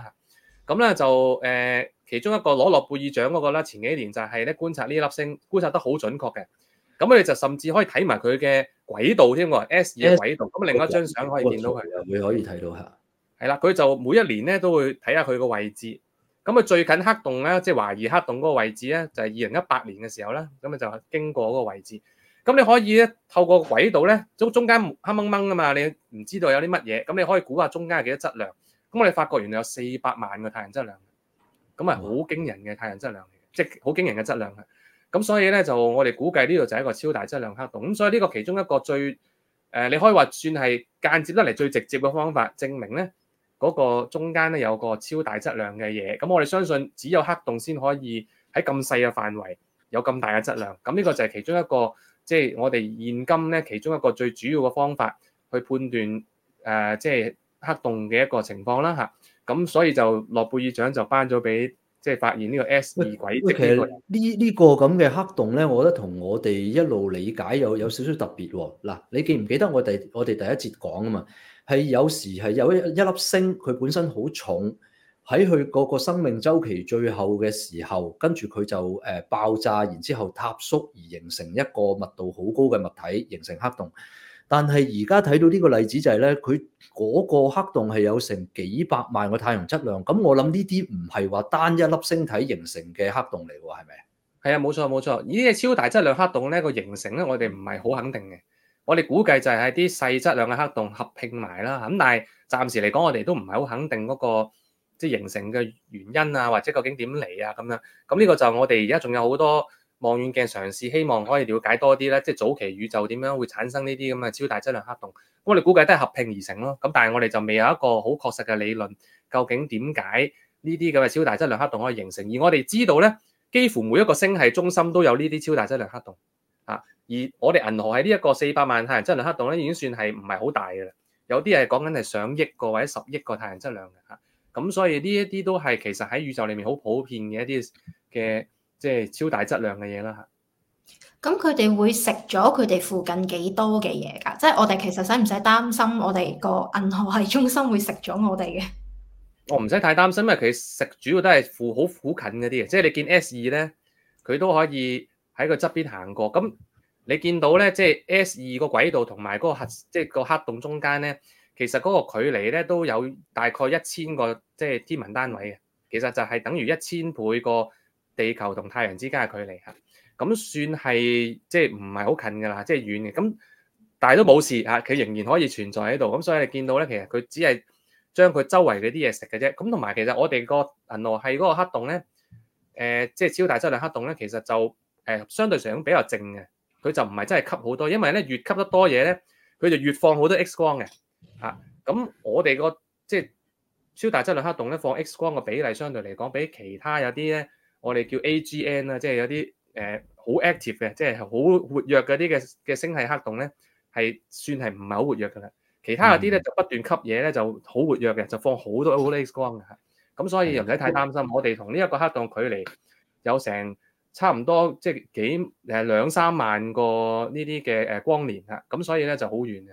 嚇。咁咧就誒、呃，其中一個攞諾貝爾獎嗰、那個咧，前幾年就係咧觀察呢粒星，觀察得好準確嘅。咁我哋就甚至可以睇埋佢嘅軌道添喎，S 二嘅軌道。咁另外一張相可以見到佢。又會可以睇到嚇。係啦，佢就每一年咧都會睇下佢個位置。咁啊，最近黑洞咧，即係懷疑黑洞嗰個位置咧，就係二零一八年嘅時候啦。咁啊，就經過嗰個位置。咁你可以咧透過軌道咧，中中間黑掹掹㗎嘛，你唔知道有啲乜嘢。咁你可以估下中間係幾多質量。咁我哋發覺原來有四百萬個太陽質量。咁啊，好驚人嘅太陽質量嚟嘅，即係好驚人嘅質量嘅。咁所以咧，就我哋估計呢度就係一個超大質量黑洞。咁所以呢個其中一個最誒，你可以話算係間接得嚟最直接嘅方法證明咧。嗰個中間咧，有個超大質量嘅嘢，咁我哋相信只有黑洞先可以喺咁細嘅範圍有咁大嘅質量。咁呢個就係其中一個，即係我哋現今咧，其中一個最主要嘅方法去判斷誒，即係黑洞嘅一個情況啦，吓，咁所以就諾貝爾獎就頒咗俾即係發現呢個 S 二軌即係呢個。呢呢個咁嘅黑洞咧，我覺得同我哋一路理解有有少少特別喎、哦。嗱、啊，你記唔記得我第我哋第一節講啊嘛？係有時係有一一粒星，佢本身好重，喺佢個個生命周期最後嘅時候，跟住佢就誒爆炸，然之後塌縮而形成一個密度好高嘅物體，形成黑洞。但係而家睇到呢個例子就係咧，佢嗰個黑洞係有成幾百萬個太陽質量。咁我諗呢啲唔係話單一粒星體形成嘅黑洞嚟喎，係咪？係啊，冇錯冇錯。呢啲超大質量黑洞咧，個形成咧，我哋唔係好肯定嘅。我哋估計就係啲細質量嘅黑洞合併埋啦，咁但係暫時嚟講，我哋都唔係好肯定嗰個即係形成嘅原因啊，或者究竟點嚟啊咁樣。咁呢個就我哋而家仲有好多望遠鏡嘗試，希望可以了解多啲咧，即係早期宇宙點樣會產生呢啲咁嘅超大質量黑洞。咁我哋估計都係合併而成咯。咁但係我哋就未有一個好確實嘅理論，究竟點解呢啲咁嘅超大質量黑洞可以形成？而我哋知道咧，幾乎每一個星系中心都有呢啲超大質量黑洞。啊！而我哋銀河喺呢一個四百萬太陽質量黑洞咧，已經算係唔係好大嘅啦。有啲係講緊係上億個或者十億個太陽質量嘅嚇。咁、啊、所以呢一啲都係其實喺宇宙裡面好普遍嘅一啲嘅即係超大質量嘅嘢啦嚇。咁佢哋會食咗佢哋附近幾多嘅嘢㗎？即係我哋其實使唔使擔心我哋個銀河系中心會食咗我哋嘅？ 我唔使太擔心，因為佢食主要都係附好附近嗰啲嘅，即係你見 S 二咧，佢都可以。喺佢側邊行過，咁你見到咧，即係 S2 個軌道同埋嗰個核，即係個黑洞中間咧，其實嗰個距離咧都有大概一千個即係天文單位嘅，其實就係等於一千倍個地球同太陽之間嘅距離嚇，咁算係即係唔係好近噶啦，即係遠嘅，咁但係都冇事嚇，佢、啊、仍然可以存在喺度，咁所以你見到咧，其實佢只係將佢周圍嗰啲嘢食嘅啫，咁同埋其實我哋個銀河系嗰個黑洞咧，誒、呃，即係超大質量黑洞咧，其實就。誒相對上比較靜嘅，佢就唔係真係吸好多，因為咧越吸得多嘢咧，佢就越放好多 X 光嘅。啊，咁我哋個即係超大質量黑洞咧，放 X 光嘅比例相對嚟講，比其他有啲咧，我哋叫 AGN 啦，即係有啲誒好 active 嘅，即係好活躍嗰啲嘅嘅星系黑洞咧，係算係唔係好活躍㗎啦？其他有啲咧就不斷吸嘢咧，就好活躍嘅，就放好多好多 X 光嘅。咁、啊、所以又唔使太擔心，的我哋同呢一個黑洞距離有成。差唔多即係幾誒兩三萬個呢啲嘅誒光年啦，咁所以咧就好遠嘅。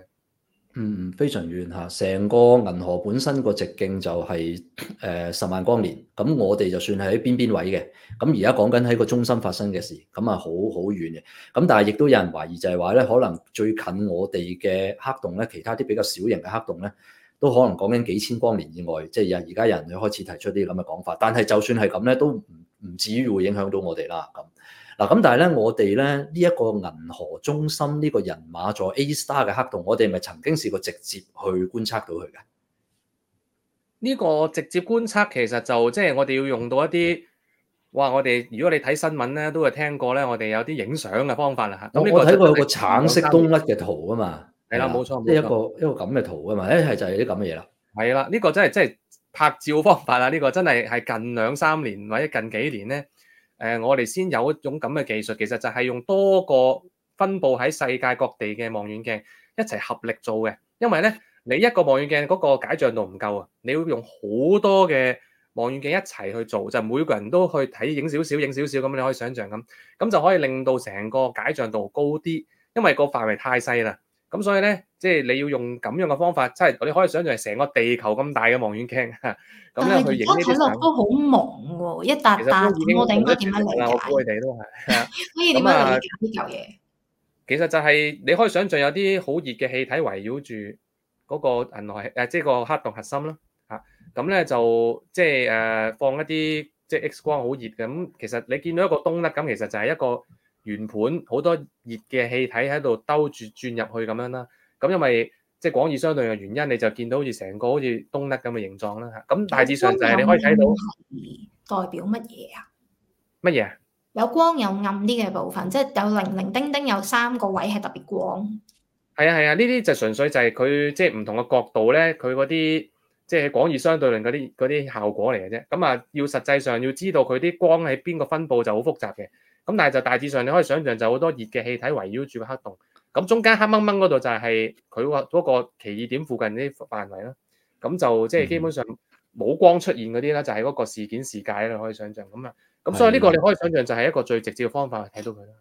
嗯，非常遠吓，成個銀河本身個直徑就係誒十萬光年。咁我哋就算係喺邊邊位嘅，咁而家講緊喺個中心發生嘅事，咁啊好好遠嘅。咁但係亦都有人懷疑就係話咧，可能最近我哋嘅黑洞咧，其他啲比較小型嘅黑洞咧，都可能講緊幾千光年以外，即係而家有人開始提出啲咁嘅講法。但係就算係咁咧，都唔。唔至於會影響到我哋啦。咁嗱，咁但係咧，我哋咧呢一個銀河中心呢個人馬座 A Star 嘅黑洞，我哋咪曾經試過直接去觀察到佢㗎？呢個直接觀察其實就即係我哋要用到一啲哇！我哋如果你睇新聞咧，都係聽過咧，我哋有啲影相嘅方法啦吓。咁我睇過有個橙色東甩嘅圖啊嘛。係啦、嗯，冇、啊、錯，即係一個錯一個咁嘅圖啊嘛。誒、啊，係就係啲咁嘅嘢啦。係啦，呢、呢個真係真係拍照方法啦，呢個真係係近兩三年或者近幾年咧，誒，我哋先有一種咁嘅技術，其實就係用多個分佈喺世界各地嘅望遠鏡一齊合力做嘅，因為咧你一個望遠鏡嗰個解像度唔夠啊，你要用好多嘅望遠鏡一齊去做，就每個人都去睇影少少影少少咁，你可以想象咁，咁就可以令到成個解像度高啲，因為個範圍太細啦。咁所以咧，即係你要用咁樣嘅方法，即係你可以想象係成個地球咁大嘅望遠鏡，咁咧去影呢啲睇落都好忙喎，一大班，我哋唔到點樣理解我估佢哋都係。係所以點樣理解呢嚿嘢？其實就係你可以想象有啲好熱嘅氣體圍繞住嗰個銀河，誒，即係個黑洞核心啦、啊。嚇、啊！咁咧就即係誒放一啲即係 X 光好熱咁、嗯。其實你見到一個東粒咁，其實就係一個。圓盤，好多熱嘅氣體喺度兜住轉入去咁樣啦、啊，咁因為即係、就是、廣義相對論嘅原因，你就見到好似成個好似冬甩咁嘅形狀啦。咁大致上就係你可以睇到，代表乜嘢啊？乜嘢？有光有暗啲嘅部分，即係有零零丁丁有三個位係特別光。係啊係啊，呢啲、啊、就純粹就係佢即係唔同嘅角度咧，佢嗰啲即係廣義相對論嗰啲啲效果嚟嘅啫。咁啊，要實際上要知道佢啲光喺邊個分佈就好複雜嘅。咁但係就大致上你可以想象就好多熱嘅氣體圍繞住個黑洞，咁中間黑掹掹嗰度就係佢個嗰個奇異點附近啲範圍啦。咁就即係基本上冇光出現嗰啲啦，就係嗰個事件視界啦。可以想象咁啊，咁所以呢個你可以想象就係一個最直接嘅方法去睇到佢啦。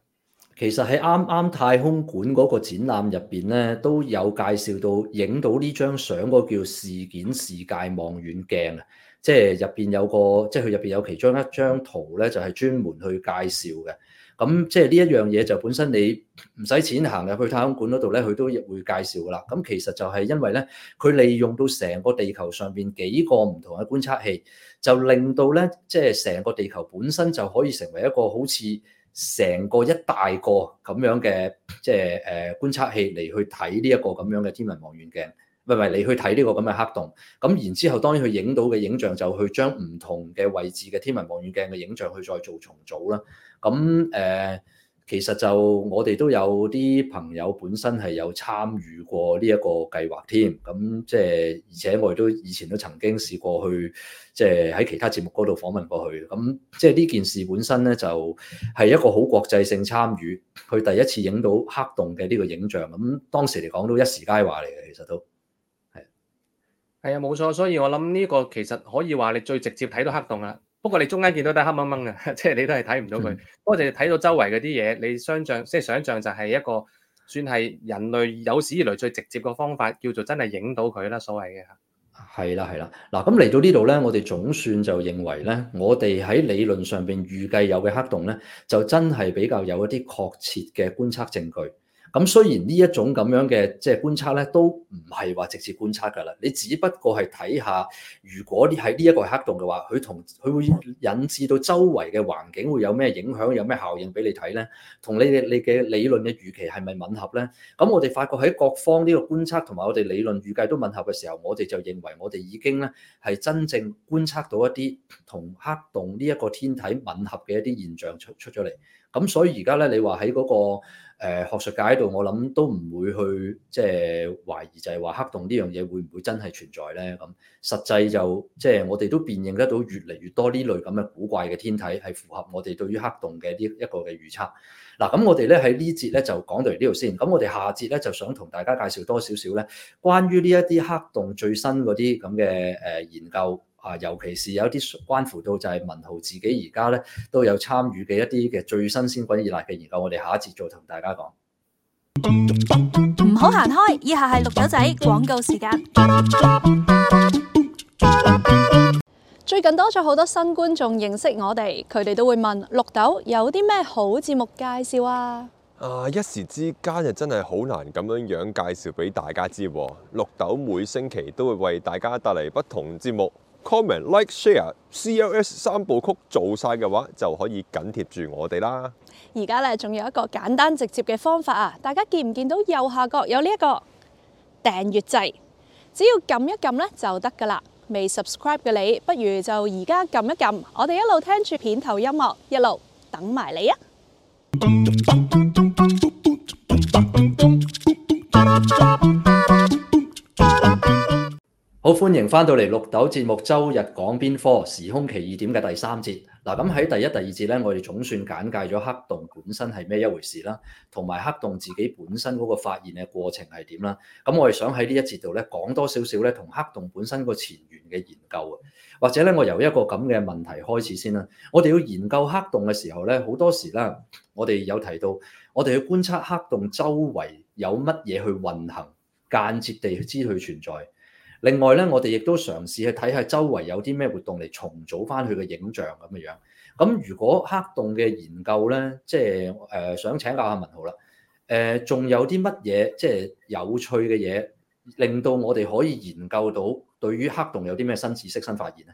其實喺啱啱太空館嗰個展覽入邊咧，都有介紹到影到呢張相嗰、嗰個、叫事件視界望遠鏡啊。即係入邊有個，即係佢入邊有其中一張圖咧，就係專門去介紹嘅。咁即係呢一樣嘢就本身你唔使錢行入去太空館嗰度咧，佢都亦會介紹噶啦。咁其實就係因為咧，佢利用到成個地球上邊幾個唔同嘅觀測器，就令到咧，即係成個地球本身就可以成為一個好似成個一大個咁樣嘅，即係誒觀測器嚟去睇呢一個咁樣嘅天文望遠鏡。唔係你去睇呢個咁嘅黑洞咁，然之後當然佢影到嘅影像就去將唔同嘅位置嘅天文望遠鏡嘅影像去再做重組啦。咁誒、呃，其實就我哋都有啲朋友本身係有參與過呢一個計劃添。咁即係而且我哋都以前都曾經試過去，即係喺其他節目嗰度訪問過佢。咁即係呢件事本身咧，就係、係、一個好國際性參與。佢第一次影到黑洞嘅呢個影像，咁當時嚟講都一時佳話嚟嘅，其實都。係啊，冇錯，所以我諗呢個其實可以話你最直接睇到黑洞啦。不過你中間見到都係黑掹掹嘅，即 係你都係睇唔到佢。嗯、不過我哋睇到周圍嗰啲嘢，你想像即係想象就係一個算係人類有史以來最直接個方法，叫做真係影到佢啦，所謂嘅。係啦，係啦。嗱，咁嚟到呢度咧，我哋總算就認為咧，我哋喺理論上邊預計有嘅黑洞咧，就真係比較有一啲確切嘅觀測證據。咁雖然呢一種咁樣嘅即係觀察咧，都唔係話直接觀察噶啦，你只不過係睇下，如果呢喺呢一個黑洞嘅話，佢同佢會引致到周圍嘅環境會有咩影響，有咩效應俾你睇咧？同你哋你嘅理論嘅預期係咪吻合咧？咁我哋發覺喺各方呢個觀察同埋我哋理論預計都吻合嘅時候，我哋就認為我哋已經咧係真正觀察到一啲同黑洞呢一個天體吻合嘅一啲現象出出咗嚟。咁所以而家咧，你話喺嗰個。誒學術界喺度，我諗都唔會去即係懷疑，就係話黑洞呢樣嘢會唔會真係存在咧？咁實際就即係、就係、我哋都辨認得到越嚟越多呢類咁嘅古怪嘅天體係符合我哋對於黑洞嘅一一個嘅預測。嗱咁我哋咧喺呢節咧就講到嚟呢度先。咁我哋下節咧就想同大家介紹多少少咧，關於呢一啲黑洞最新嗰啲咁嘅誒研究。啊，尤其是有啲關乎到就係文豪自己而家咧都有參與嘅一啲嘅最新鮮、滾熱辣嘅研究，我哋下一節再同大家講。唔好行開，以下係綠豆仔廣告時間。最近多咗好多新觀眾認識我哋，佢哋都會問綠豆有啲咩好節目介紹啊？啊！一時之間就真係好難咁樣樣介紹俾大家知喎。綠豆每星期都會為大家帶嚟不同節目。 comment like share C L S 三部曲做晒嘅話就可以緊貼住我哋啦。而家咧仲有一個簡單直接嘅方法啊！大家見唔見到右下角有呢、這、一個訂閱掣？只要撳一撳咧就得噶啦。未 subscribe 嘅你，不如就而家撳一撳。我哋一路聽住片頭音樂，一路等埋你啊！ 好歡迎翻到嚟《綠豆節目》講邊，周日講邊科時空奇異點嘅第三節。嗱，咁喺第一、第二節咧，我哋總算簡介咗黑洞本身係咩一回事啦，同埋黑洞自己本身嗰個發現嘅過程係點啦。咁我哋想喺呢一節度咧講多少少咧，同黑洞本身個前沿嘅研究啊，或者咧我由一個咁嘅問題開始先啦。我哋要研究黑洞嘅時候咧，好多時啦，我哋有提到，我哋去觀測黑洞周圍有乜嘢去運行，間接地知佢存在。另外咧，我哋亦都嘗試去睇下周圍有啲咩活動嚟重組返佢嘅影像咁嘅樣。咁如果黑洞嘅研究咧，即係誒、呃、想請教下文豪啦。誒、呃，仲有啲乜嘢即係有趣嘅嘢，令到我哋可以研究到對於黑洞有啲咩新知識、新發現咧？誒、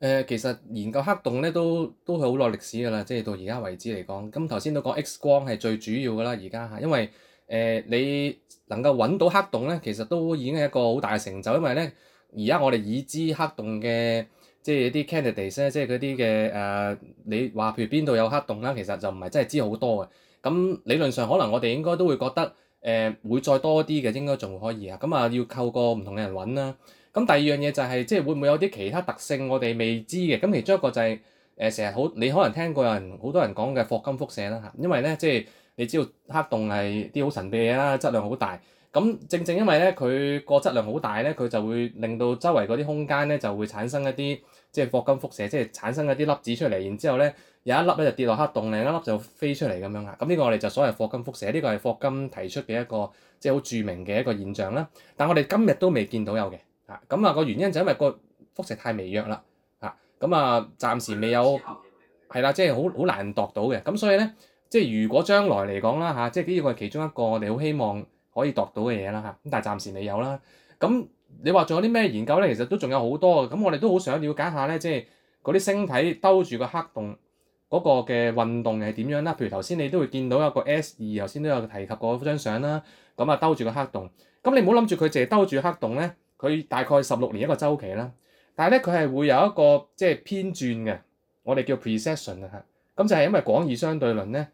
呃，其實研究黑洞咧都都係好耐歷史㗎喇，即係到而家為止嚟講。咁頭先都講 X 光係最主要㗎喇，而家因為。誒、呃、你能夠揾到黑洞咧，其實都已經係一個好大嘅成就，因為咧，而家我哋已知黑洞嘅，即係啲 candidates 咧，即係嗰啲嘅誒，你話譬如邊度有黑洞啦，其實就唔係真係知好多嘅。咁理論上可能我哋應該都會覺得誒、呃、會再多啲嘅，應該仲可以啊。咁啊，要靠個唔同嘅人揾啦。咁第二樣嘢就係、是、即係會唔會有啲其他特性我哋未知嘅？咁其中一個就係誒成日好，你可能聽過有人好多人講嘅霍金輻射啦嚇，因為咧即係。你知道黑洞係啲好神秘嘢啦，質量好大。咁正正因為咧，佢個質量好大咧，佢就會令到周圍嗰啲空間咧就會產生一啲即係霍金輻射，即係產生一啲粒子出嚟。然之後咧有一粒咧就跌落黑洞，另一粒就飛出嚟咁樣啦。咁呢個我哋就所謂霍金輻射，呢個係霍金提出嘅一個即係好著名嘅一個現象啦。但我哋今日都未見到有嘅嚇。咁啊個原因就因為個輻射太微弱啦嚇。咁啊暫時未有係啦，即係好好難度到嘅。咁所以咧。即係如果將來嚟講啦嚇，即係呢個係其中一個我哋好希望可以度到嘅嘢啦嚇。咁但係暫時未有啦。咁你話仲有啲咩研究咧？其實都仲有好多。咁我哋都好想了解下咧，即係嗰啲星體兜住個黑洞嗰個嘅運動係點樣啦。譬如頭先你都會見到有個 S2，頭先都有提及過嗰張相啦。咁啊兜住個黑洞，咁你唔好諗住佢淨係兜住黑洞咧。佢大概十六年一個周期啦，但係咧佢係會有一個即係偏轉嘅，我哋叫 precession 啊嚇。咁就係因為廣義相對論咧。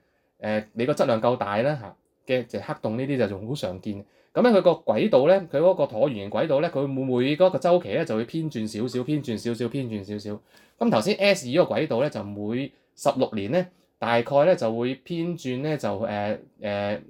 誒、呃、你個質量夠大咧嚇，嘅就黑洞呢啲就仲好常見。咁咧佢個軌道咧，佢嗰個橢圓形軌道咧，佢每嗰一個週期咧就會偏轉少少，偏轉少少，偏轉少少。咁頭先 S 二個軌道咧，就每十六年咧，大概咧就會偏轉咧就誒誒、呃呃、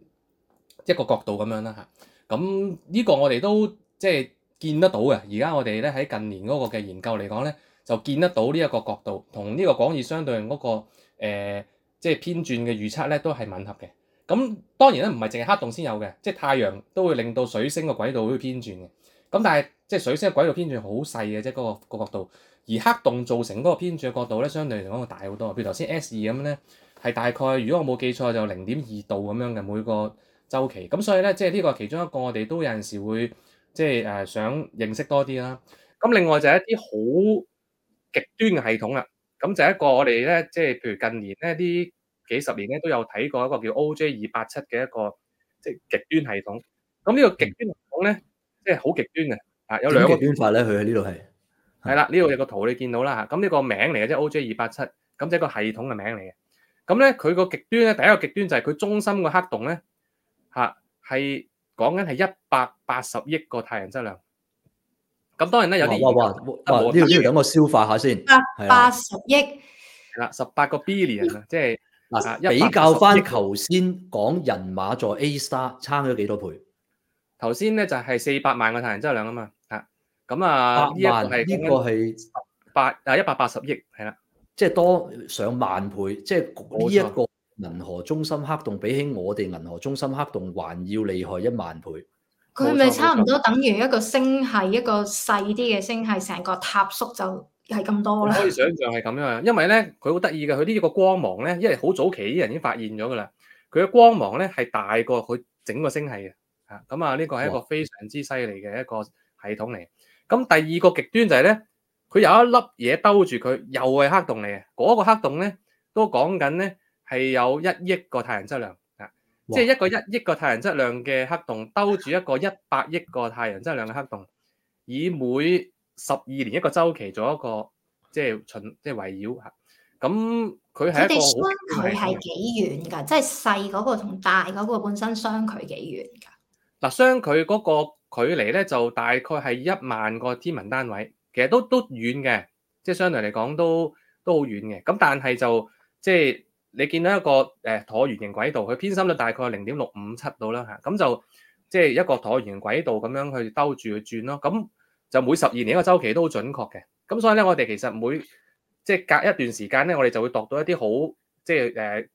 一個角度咁樣啦嚇。咁、嗯、呢、這個我哋都即係、就是、見得到嘅。而家我哋咧喺近年嗰個嘅研究嚟講咧，就見得到呢一個角度，同呢個廣義相對性嗰、那個、呃即係偏轉嘅預測咧，都係吻合嘅。咁當然咧，唔係淨係黑洞先有嘅，即係太陽都會令到水星嘅軌道會偏轉嘅。咁但係即係水星嘅軌道偏轉好細嘅，即係嗰個角度。而黑洞造成嗰個偏轉嘅角度咧，相對嚟講會大好多。譬如頭先 S 二咁咧，係大概如果我冇記錯就零點二度咁樣嘅每個週期。咁所以咧，即係呢個其中一個我哋都有陣時會即係誒、呃、想認識多啲啦。咁另外就係一啲好極端嘅系統啦。咁就一個我哋咧，即係譬如近年咧，呢幾十年咧都有睇過一個叫 OJ 二八七嘅一個即係極端系統。咁呢個極端系統咧，即係好極端嘅，啊有兩個端法咧，佢喺呢度係係啦，呢度有個圖你見到啦。咁呢個名嚟嘅即係，OJ 二八七，咁即係個系統嘅名嚟嘅。咁咧佢個極端咧，第一個極端就係佢中心個黑洞咧，嚇係講緊係一百八十億個太陽質量。咁當然啦，有啲要，哇哇哇，呢個要等我消化下先，係八十億，係十八個 billion 啊，即係嗱，比較翻頭先講人馬座 A star 差咗幾多倍？頭先咧就係四百萬個太陽質量啊嘛，吓，咁啊，呢個係八，啊一百八十億，係啦，即係多上萬倍，即係呢一個銀河中心黑洞比起我哋銀河中心黑洞還要厲害一萬倍。佢係咪差唔多冇錯等於一個星系，一個細啲嘅星系，成個塌縮就係咁多啦。可以想象係咁樣，因為咧佢好得意嘅，佢呢個光芒咧，因為好早期啲人已經發現咗噶啦，佢嘅光芒咧係大過佢整個星系嘅。啊，咁啊呢、這個係一個非常之犀利嘅一個系統嚟。咁、啊啊哦、第二個極端就係咧，佢有一粒嘢兜住佢，又係黑洞嚟嘅。嗰、那個黑洞咧都講緊咧係有一億個太陽質量。即係一個一億個太陽質量嘅黑洞兜住一個一百億個太陽質量嘅黑洞，以每十二年一個周期做一個即係循即係，圍繞吓。咁佢係佢哋相距係幾遠噶？即係細嗰個同大嗰個本身相距幾遠噶？嗱、嗯，相距嗰個距離咧就大概係一萬個天文單位，其實都都遠嘅，即係相對嚟講都都好遠嘅。咁、嗯、但係就即係。你見到一個誒橢圓形軌道，佢偏心率大概零點六五七度啦嚇，咁就即係一個橢圓形軌道咁樣去兜住佢轉咯。咁就每十二年一個周期都好準確嘅。咁所以咧，我哋其實每即係隔一段時間咧，我哋就會度到一啲好即係誒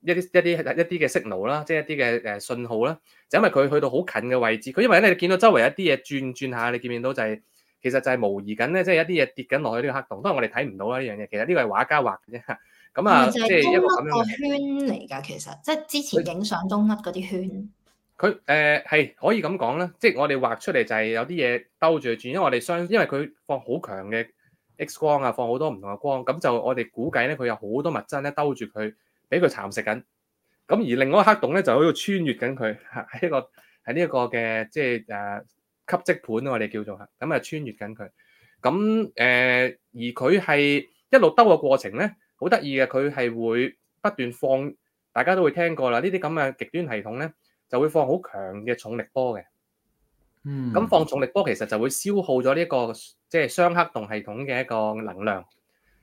一啲一啲一啲嘅訊號啦，即係、呃、一啲嘅誒信號啦。就因為佢去到好近嘅位置，佢因為咧你見到周圍一啲嘢轉轉下，你見唔見到就係、是、其實就係模擬緊咧，即、就、係、是、一啲嘢跌緊落去呢個黑洞。當然我哋睇唔到啦呢樣嘢，其實呢個係畫家畫嘅啫。咁啊，即係一個咁樣嘅圈嚟噶，其實即係之前影相中乜嗰啲圈。佢誒係可以咁講咧，即、就、係、是、我哋畫出嚟就係有啲嘢兜住轉，因為我哋相，因為佢放好強嘅 X 光啊，放好多唔同嘅光，咁就我哋估計咧，佢有好多物質咧兜住佢，俾佢蠶食緊。咁而另外一個黑洞咧，就喺度穿越緊佢，係一個係呢一個嘅即係誒吸積盤，我哋叫做吓，咁啊穿越緊佢。咁誒、呃、而佢係一路兜嘅過程咧。好得意嘅，佢係會不斷放，大家都會聽過啦。呢啲咁嘅極端系統咧，就會放好強嘅重力波嘅。嗯。咁放重力波其實就會消耗咗呢一個即係雙黑洞系統嘅一個能量，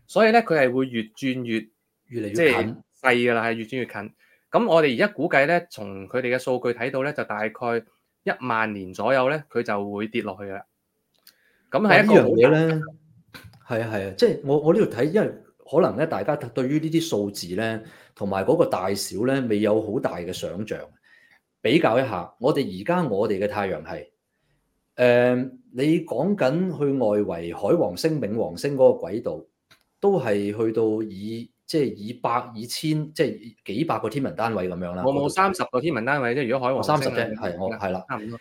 所以咧佢係會越轉越越嚟越細㗎啦，係越轉越近。咁我哋而家估計咧，從佢哋嘅數據睇到咧，就大概一萬年左右咧，佢就會跌落去㗎啦。咁係一樣嘢咧，係啊係啊，即係我我呢度睇，因為。可能咧，大家對於呢啲數字咧，同埋嗰個大小咧，未有好大嘅想像。比較一下，我哋而家我哋嘅太陽系，誒、呃，你講緊去外圍海王星、冥王星嗰個軌道，都係去到以即係、就是、以百、以千、即、就、係、是、幾百個天文單位咁樣啦。我冇三十個天文單位啫。如果海王三十啫，係個我係啦。咁的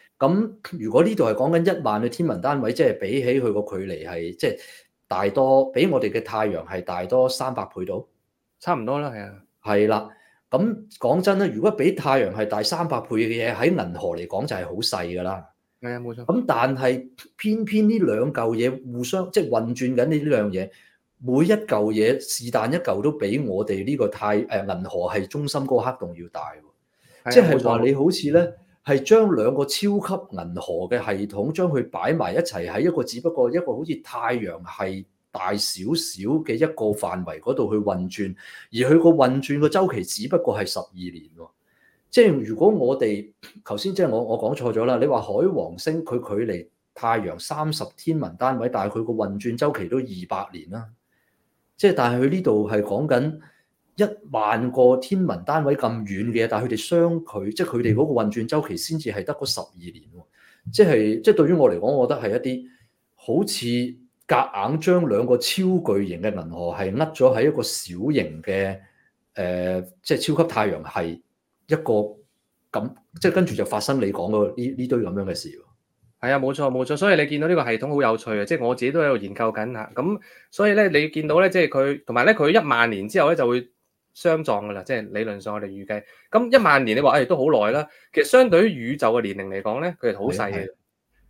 個如果呢度係講緊一萬嘅天文單位，即係比起佢個距離係即係。就是大多比我哋嘅太陽系大多三百倍到，差唔多啦，係啊，係啦。咁講真咧，如果比太陽系大三百倍嘅嘢喺銀河嚟講就係好細噶啦。係啊，冇錯。咁但係偏偏呢兩嚿嘢互相即係運轉緊呢兩嘢，每一嚿嘢是但一嚿都比我哋呢個太誒，銀河系中心嗰個黑洞要大，的即係話你好似咧。錯係將兩個超級銀河嘅系統，將佢擺埋一齊喺一個只不過一個好似太陽系大少少嘅一個範圍嗰度去運轉，而佢個運轉個周期只不過係十二年。即係如果我哋頭先即係我我講錯咗啦，你話海王星佢距離太陽三十天文單位，但係佢個運轉周期都二百年啦。即係但係佢呢度係講緊。一萬個天文單位咁遠嘅，但係佢哋相距，即係佢哋嗰個運轉週期先至係得嗰十二年喎。即係即係對於我嚟講，我覺得係一啲好似夾硬將兩個超巨型嘅銀河系厄咗喺一個小型嘅誒、呃，即係超級太陽系一個咁，即係跟住就發生你講嗰呢呢堆咁樣嘅事。係啊，冇錯冇錯，所以你見到呢個系統好有趣啊！即係我自己都喺度研究緊啊。咁所以咧，你見到咧，即係佢同埋咧，佢一萬年之後咧就會，相撞噶啦，即係理論上我哋預計，咁一萬年你話誒、哎、都好耐啦，其實相對於宇宙嘅年齡嚟講咧，佢係好細嘅。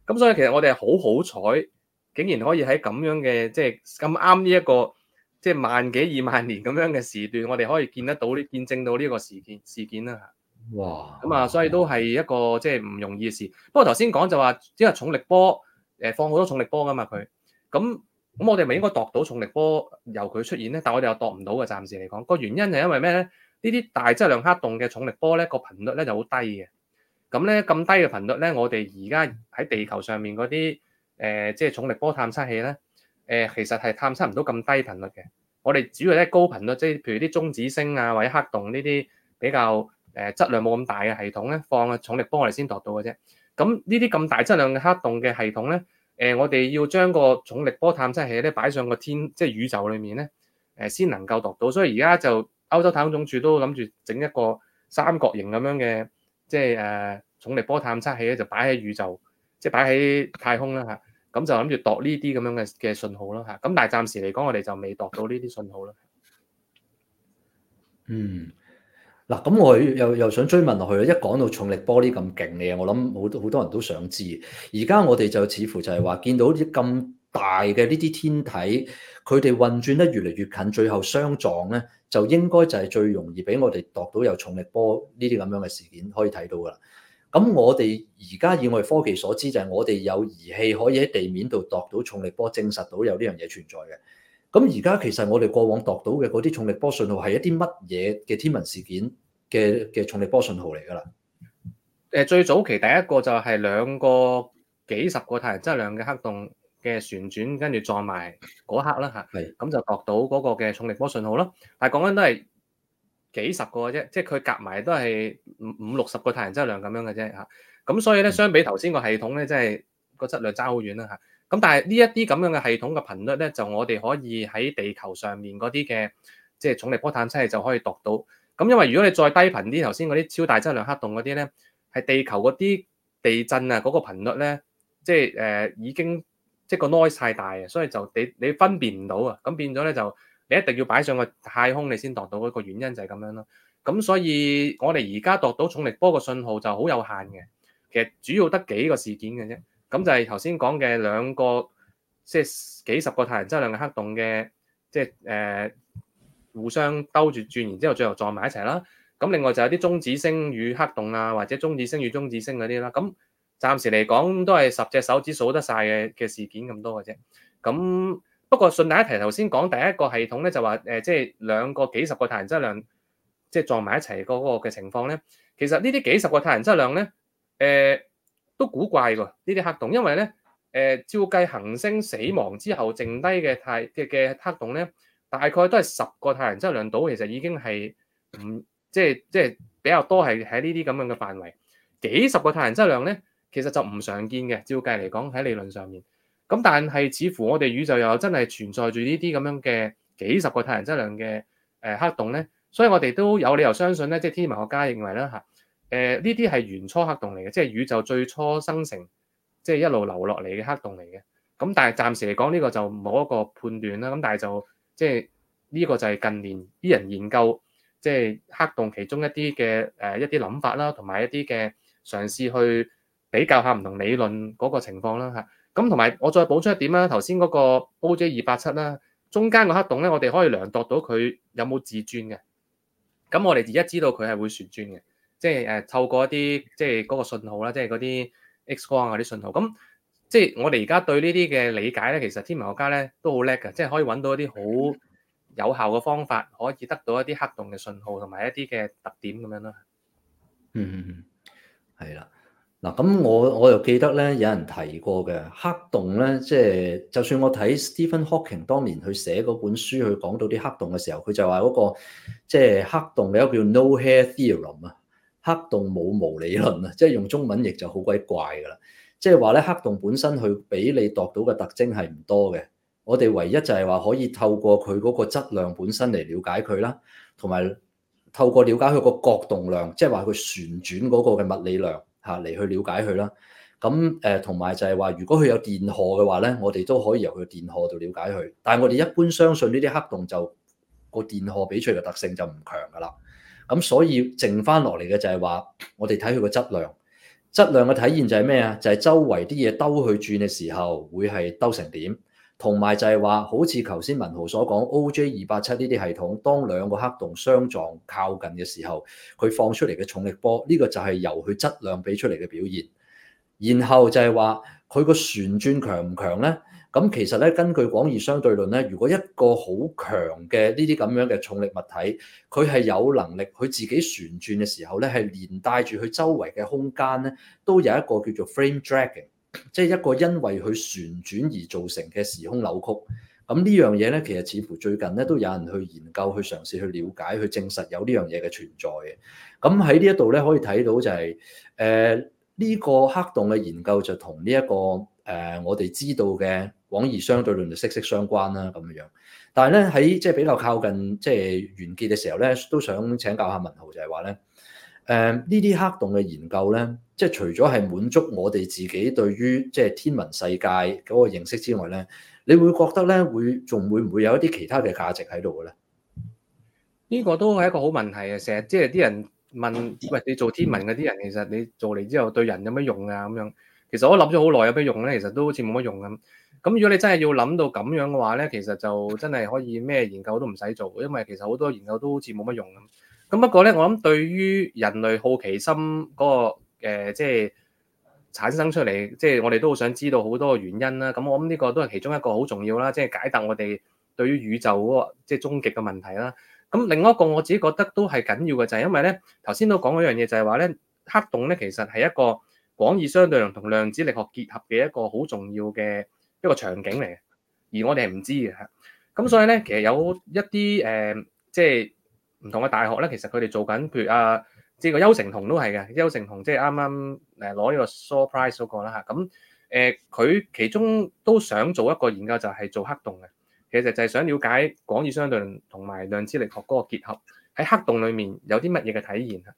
咁是所以其實我哋係好好彩，竟然可以喺咁樣嘅即係咁啱呢一個即係萬幾二萬年咁樣嘅時段，我哋可以見得到呢，見證到呢個事件事件啦。哇！咁啊，所以都係一個即係唔容易嘅事。哇不過頭先講就話，因為重力波誒、呃、放好多重力波啊嘛，佢咁。咁我哋咪應該度到重力波由佢出現咧，但係我哋又度唔到嘅，暫時嚟講個原因係因為咩咧？呢啲大質量黑洞嘅重力波咧，個頻率咧就好低嘅。咁咧咁低嘅頻率咧，我哋而家喺地球上面嗰啲誒即係重力波探測器咧，誒，呃，其實係探測唔到咁低頻率嘅。我哋主要咧高頻率，即係譬如啲中子星啊或者黑洞呢啲比較誒質量冇咁大嘅系統咧，放嘅重力波我哋先度到嘅啫。咁呢啲咁大質量嘅黑洞嘅系統咧。誒、呃，我哋要將個重力波探測器咧擺上個天，即係宇宙裏面咧，誒、呃，先能夠度到。所以而家就歐洲太空總署都諗住整一個三角形咁樣嘅，即係誒、呃，重力波探測器咧就擺喺宇宙，即係擺喺太空啦吓。咁、啊、就諗住度呢啲咁樣嘅嘅信號啦吓。咁、啊、但係暫時嚟講，我哋就未度到呢啲信號啦。嗯。嗱，咁我又又想追問落去。一講到重力波呢，咁勁嘅，我諗好多好多人都想知。而家我哋就似乎就係話，見到啲咁大嘅呢啲天體，佢哋運轉得越嚟越近，最後相撞咧，就應該就係最容易俾我哋度到有重力波呢啲咁樣嘅事件可以睇到噶啦。咁我哋而家以我哋科技所知，就係我哋有儀器可以喺地面度度到重力波，證實到有呢樣嘢存在嘅。咁而家其實我哋過往度到嘅嗰啲重力波信號，係一啲乜嘢嘅天文事件嘅嘅重力波信號嚟㗎啦。誒，最早期第一個就係兩個幾十個太陽質量嘅黑洞嘅旋轉，跟住撞埋嗰刻啦嚇，咁係就度到嗰個嘅重力波信號啦。但係講緊都係幾十個啫，即係佢夾埋都係五五六十個太陽質量咁樣嘅啫嚇。咁所以咧，相比頭先個系統咧，真係個質量差好遠啦嚇。咁但係呢一啲咁樣嘅系統嘅頻率咧，就我哋可以喺地球上面嗰啲嘅，即係重力波探測器就可以度到。咁因為如果你再低頻啲，頭先嗰啲超大質量黑洞嗰啲咧，係地球嗰啲地震啊嗰個頻率咧，即係誒、呃、已經即係個 noise 太大啊，所以就你你分辨唔到啊。咁變咗咧就你一定要擺上個太空你，你先度到嗰個原因就係咁樣咯。咁所以我哋而家度到重力波個信號就好有限嘅，其實主要得幾個事件嘅啫。咁就係頭先講嘅兩個，即係幾十個太陽質量嘅黑洞嘅，即係誒互相兜住轉，然之後最後撞埋一齊啦。咁另外就有啲中子星與黑洞啊，或者中子星與中子星嗰啲啦。咁暫時嚟講都係十隻手指數得晒嘅嘅事件咁多嘅啫。咁不過順帶一提，頭先講第一個系統咧，就話誒，即係兩個幾十個太陽質量，即係撞埋一齊嗰個嘅情況咧。其實呢啲幾十個太陽質量咧，誒、呃。都古怪喎，呢啲黑洞，因為咧誒、呃、照計，恆星死亡之後剩低嘅太嘅嘅黑洞咧，大概都係十個太陽質量度，其實已經係唔即係即係比較多係喺呢啲咁樣嘅範圍，幾十個太陽質量咧，其實就唔常見嘅。照計嚟講喺理論上面，咁但係似乎我哋宇宙又真係存在住呢啲咁樣嘅幾十個太陽質量嘅誒黑洞咧，所以我哋都有理由相信咧，即係天文學家認為啦嚇。誒呢啲係原初黑洞嚟嘅，即係宇宙最初生成，即係一路流落嚟嘅黑洞嚟嘅。咁但係暫時嚟講，呢個就冇一個判斷啦。咁但係就即係呢個就係近年啲人研究，即係黑洞其中一啲嘅誒一啲諗法啦，同埋一啲嘅嘗試去比較下唔同理論嗰個情況啦嚇。咁同埋我再補充一點啦，頭先嗰個 OJ 二八七啦，中間個黑洞咧，我哋可以量度到佢有冇自轉嘅。咁我哋而家知道佢係會旋轉嘅。即係誒，透過一啲即係嗰個信號啦，即係嗰啲 X 光嗰啲信號。咁即係我哋而家對呢啲嘅理解咧，其實天文學家咧都好叻嘅，即係可以揾到一啲好有效嘅方法，可以得到一啲黑洞嘅信號同埋一啲嘅特點咁樣啦，嗯，係啦。嗱咁我我又記得咧，有人提過嘅黑洞咧，即係就算我睇 Stephen Hawking 當年佢寫嗰本書去講到啲黑洞嘅時候，佢就話嗰個即係黑洞有一個叫 No Hair Theorem 啊。黑洞冇毛理論啊！即係用中文譯就好鬼怪噶啦！即係話咧，黑洞本身佢俾你度到嘅特徵係唔多嘅。我哋唯一就係話可以透過佢嗰個質量本身嚟了解佢啦，同埋透過了解佢個角動量，即係話佢旋轉嗰個嘅物理量嚇嚟去了解佢啦。咁誒同埋就係話，如果佢有電荷嘅話咧，我哋都可以由佢電荷度了解佢。但係我哋一般相信呢啲黑洞就個電荷俾出嚟嘅特性就唔強噶啦。咁所以剩翻落嚟嘅就係話，我哋睇佢個質量，質量嘅體現就係咩啊？就係周圍啲嘢兜去轉嘅時候，會係兜成點，同埋就係話，好似頭先文豪所講，OJ 二八七呢啲系統，當兩個黑洞相撞靠近嘅時候，佢放出嚟嘅重力波，呢個就係由佢質量俾出嚟嘅表現。然後就係話，佢個旋轉強唔強咧？咁其實咧，根據廣義相對論咧，如果一個好強嘅呢啲咁樣嘅重力物體，佢係有能力佢自己旋轉嘅時候咧，係連帶住佢周圍嘅空間咧，都有一個叫做 frame dragging，即係一個因為佢旋轉而造成嘅時空扭曲。咁呢樣嘢咧，其實似乎最近咧都有人去研究、去嘗試去了解、去證實有呢樣嘢嘅存在嘅。咁喺呢一度咧，可以睇到就係誒呢個黑洞嘅研究就同呢一個誒、呃、我哋知道嘅廣義相對論就息息相關啦，咁樣樣。但係咧，喺即係比較靠近即係完結嘅時候咧，都想請教下文豪就係話咧，誒呢啲黑洞嘅研究咧，即係除咗係滿足我哋自己對於即係天文世界嗰個認識之外咧，你會覺得咧會仲會唔會有一啲其他嘅價值喺度嘅咧？呢個都係一個好問題啊！成日即係啲人問，喂，你做天文嗰啲人，其實你做嚟之後對人有咩用啊？咁樣。其實我諗咗好耐，有咩用咧？其實都好似冇乜用咁。咁如果你真係要諗到咁樣嘅話咧，其實就真係可以咩研究都唔使做，因為其實好多研究都好似冇乜用咁。咁不過咧，我諗對於人類好奇心嗰、那個誒、即、呃、係、就是、產生出嚟，即、就、係、是、我哋都好想知道好多嘅原因啦。咁我諗呢個都係其中一個好重要啦，即、就、係、是、解答我哋對於宇宙嗰個即係終極嘅問題啦。咁另外一個我自己覺得都係緊要嘅就係、是，因為咧頭先都講嗰樣嘢就係話咧，黑洞咧其實係一個廣義相對論同量子力學結合嘅一個好重要嘅一個場景嚟嘅，而我哋係唔知嘅。咁所以咧，其實有一啲誒、呃，即係唔同嘅大學咧，其實佢哋做緊，譬如啊，即、這、係個丘成桐都係嘅，丘成桐即係啱啱誒攞呢個 Shaw Prize 嗰、那個啦吓，咁誒，佢、呃、其中都想做一個研究，就係、是、做黑洞嘅。其實就係想了解廣義相對論同埋量子力學嗰個結合喺黑洞裡面有啲乜嘢嘅體現啊。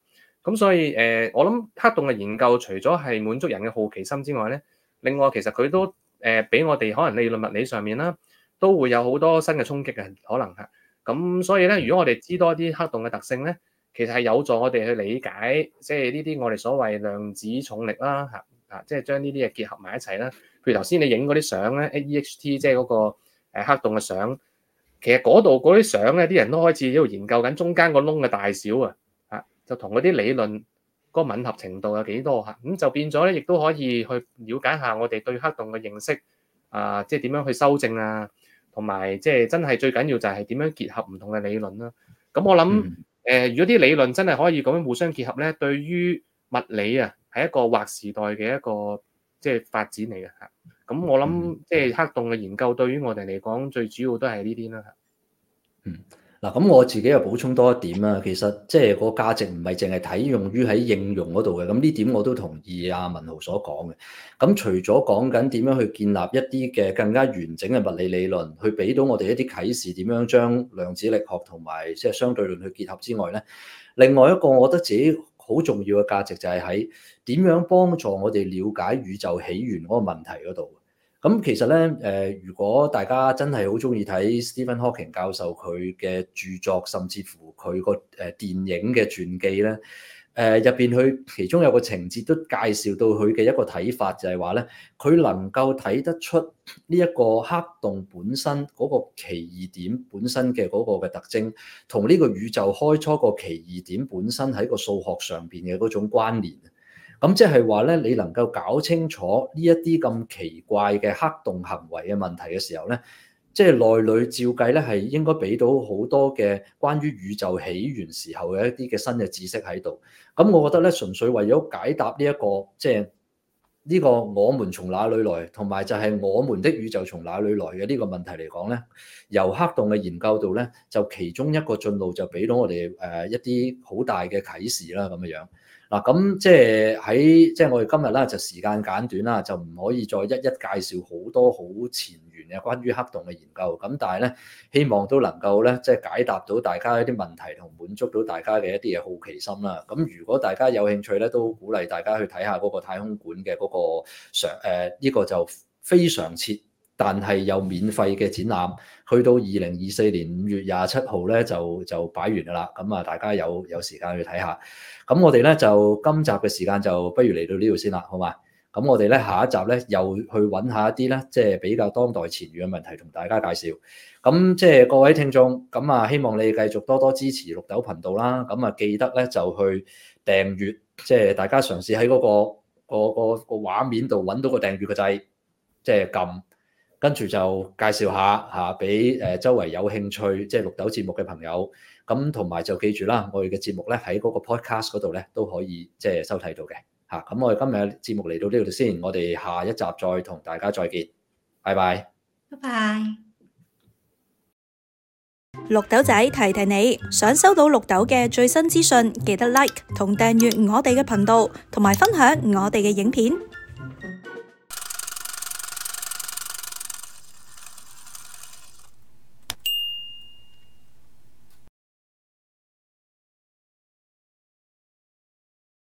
咁所以誒、呃，我諗黑洞嘅研究除咗係滿足人嘅好奇心之外咧，另外其實佢都誒俾、呃、我哋可能理論物理上面啦，都會有好多新嘅衝擊嘅可能嚇。咁所以咧，如果我哋知多啲黑洞嘅特性咧，其實係有助我哋去理解，即係呢啲我哋所謂量子重力啦嚇啊，即係將呢啲嘢結合埋一齊啦。譬如頭先你影嗰啲相咧，a E H T，即係嗰個黑洞嘅相，其實嗰度嗰啲相咧，啲人都開始喺度研究緊中間個窿嘅大小啊！就同嗰啲理論嗰個吻合程度有幾多嚇？咁就變咗咧，亦都可以去了解下我哋對黑洞嘅認識啊，即係點樣去修正啊，同埋即係真係最緊要就係點樣結合唔同嘅理論啦、啊。咁我諗誒、呃，如果啲理論真係可以咁樣互相結合咧，對於物理啊係一個劃時代嘅一個即係、就是、發展嚟嘅嚇。咁我諗即係黑洞嘅研究對於我哋嚟講，最主要都係呢啲啦嚇。嗯。嗱，咁我自己又補充多一點啦。其實即係個價值唔係淨係體用於喺應用嗰度嘅，咁呢點我都同意阿、啊、文豪所講嘅。咁除咗講緊點樣去建立一啲嘅更加完整嘅物理理論，去俾到我哋一啲啟示，點樣將量子力學同埋即係相對論去結合之外咧，另外一個我覺得自己好重要嘅價值就係喺點樣幫助我哋了解宇宙起源嗰個問題嗰度。咁其實咧，誒、呃，如果大家真係好中意睇 Stephen Hawking 教授佢嘅著作，甚至乎佢個誒電影嘅傳記咧，誒入邊佢其中有個情節都介紹到佢嘅一個睇法，就係話咧，佢能夠睇得出呢一個黑洞本身嗰個奇異點本身嘅嗰個嘅特徵，同呢個宇宙開初個奇異點本身喺個數學上邊嘅嗰種關聯。咁即係話咧，你能夠搞清楚呢一啲咁奇怪嘅黑洞行為嘅問題嘅時候咧，即係內裏照計咧係應該俾到好多嘅關於宇宙起源時候嘅一啲嘅新嘅知識喺度。咁我覺得咧，純粹為咗解答呢一個即係呢個我們從哪裡來，同埋就係我們的宇宙從哪裡來嘅呢個問題嚟講咧，由黑洞嘅研究度咧，就其中一個進路就俾到我哋誒一啲好大嘅啟示啦，咁樣樣。嗱，咁即係喺即係我哋今日咧就時間簡短啦，就唔可以再一一介紹好多好前沿嘅關於黑洞嘅研究。咁但係咧，希望都能夠咧即係解答到大家一啲問題同滿足到大家嘅一啲嘅好奇心啦。咁如果大家有興趣咧，都鼓勵大家去睇下嗰個太空館嘅嗰、嗰個常誒呢個就非常設，但係又免費嘅展覽。去到二零二四年五月廿七號咧就就擺完噶啦。咁啊，大家有有時間去睇下。咁我哋咧就今集嘅時間就不如嚟到呢度先啦，好嘛？咁我哋咧下一集咧又去揾下一啲咧，即係比較當代前沿嘅問題同大家介紹。咁即係各位聽眾，咁啊希望你繼續多多支持綠豆頻道啦。咁啊記得咧就去訂閱，即係大家嘗試喺嗰個個個個畫面度揾到個訂閱嘅掣，即係撳，跟住就介紹下嚇俾誒周圍有興趣即係綠豆節目嘅朋友。咁同埋就記住啦，我哋嘅節目咧喺嗰個 podcast 嗰度咧都可以即係收睇到嘅吓。咁我哋今日嘅節目嚟到呢度先，我哋下一集再同大家再見。拜拜，拜拜。綠豆仔提提你，想收到綠豆嘅最新資訊，記得 like 同訂閱我哋嘅頻道，同埋分享我哋嘅影片。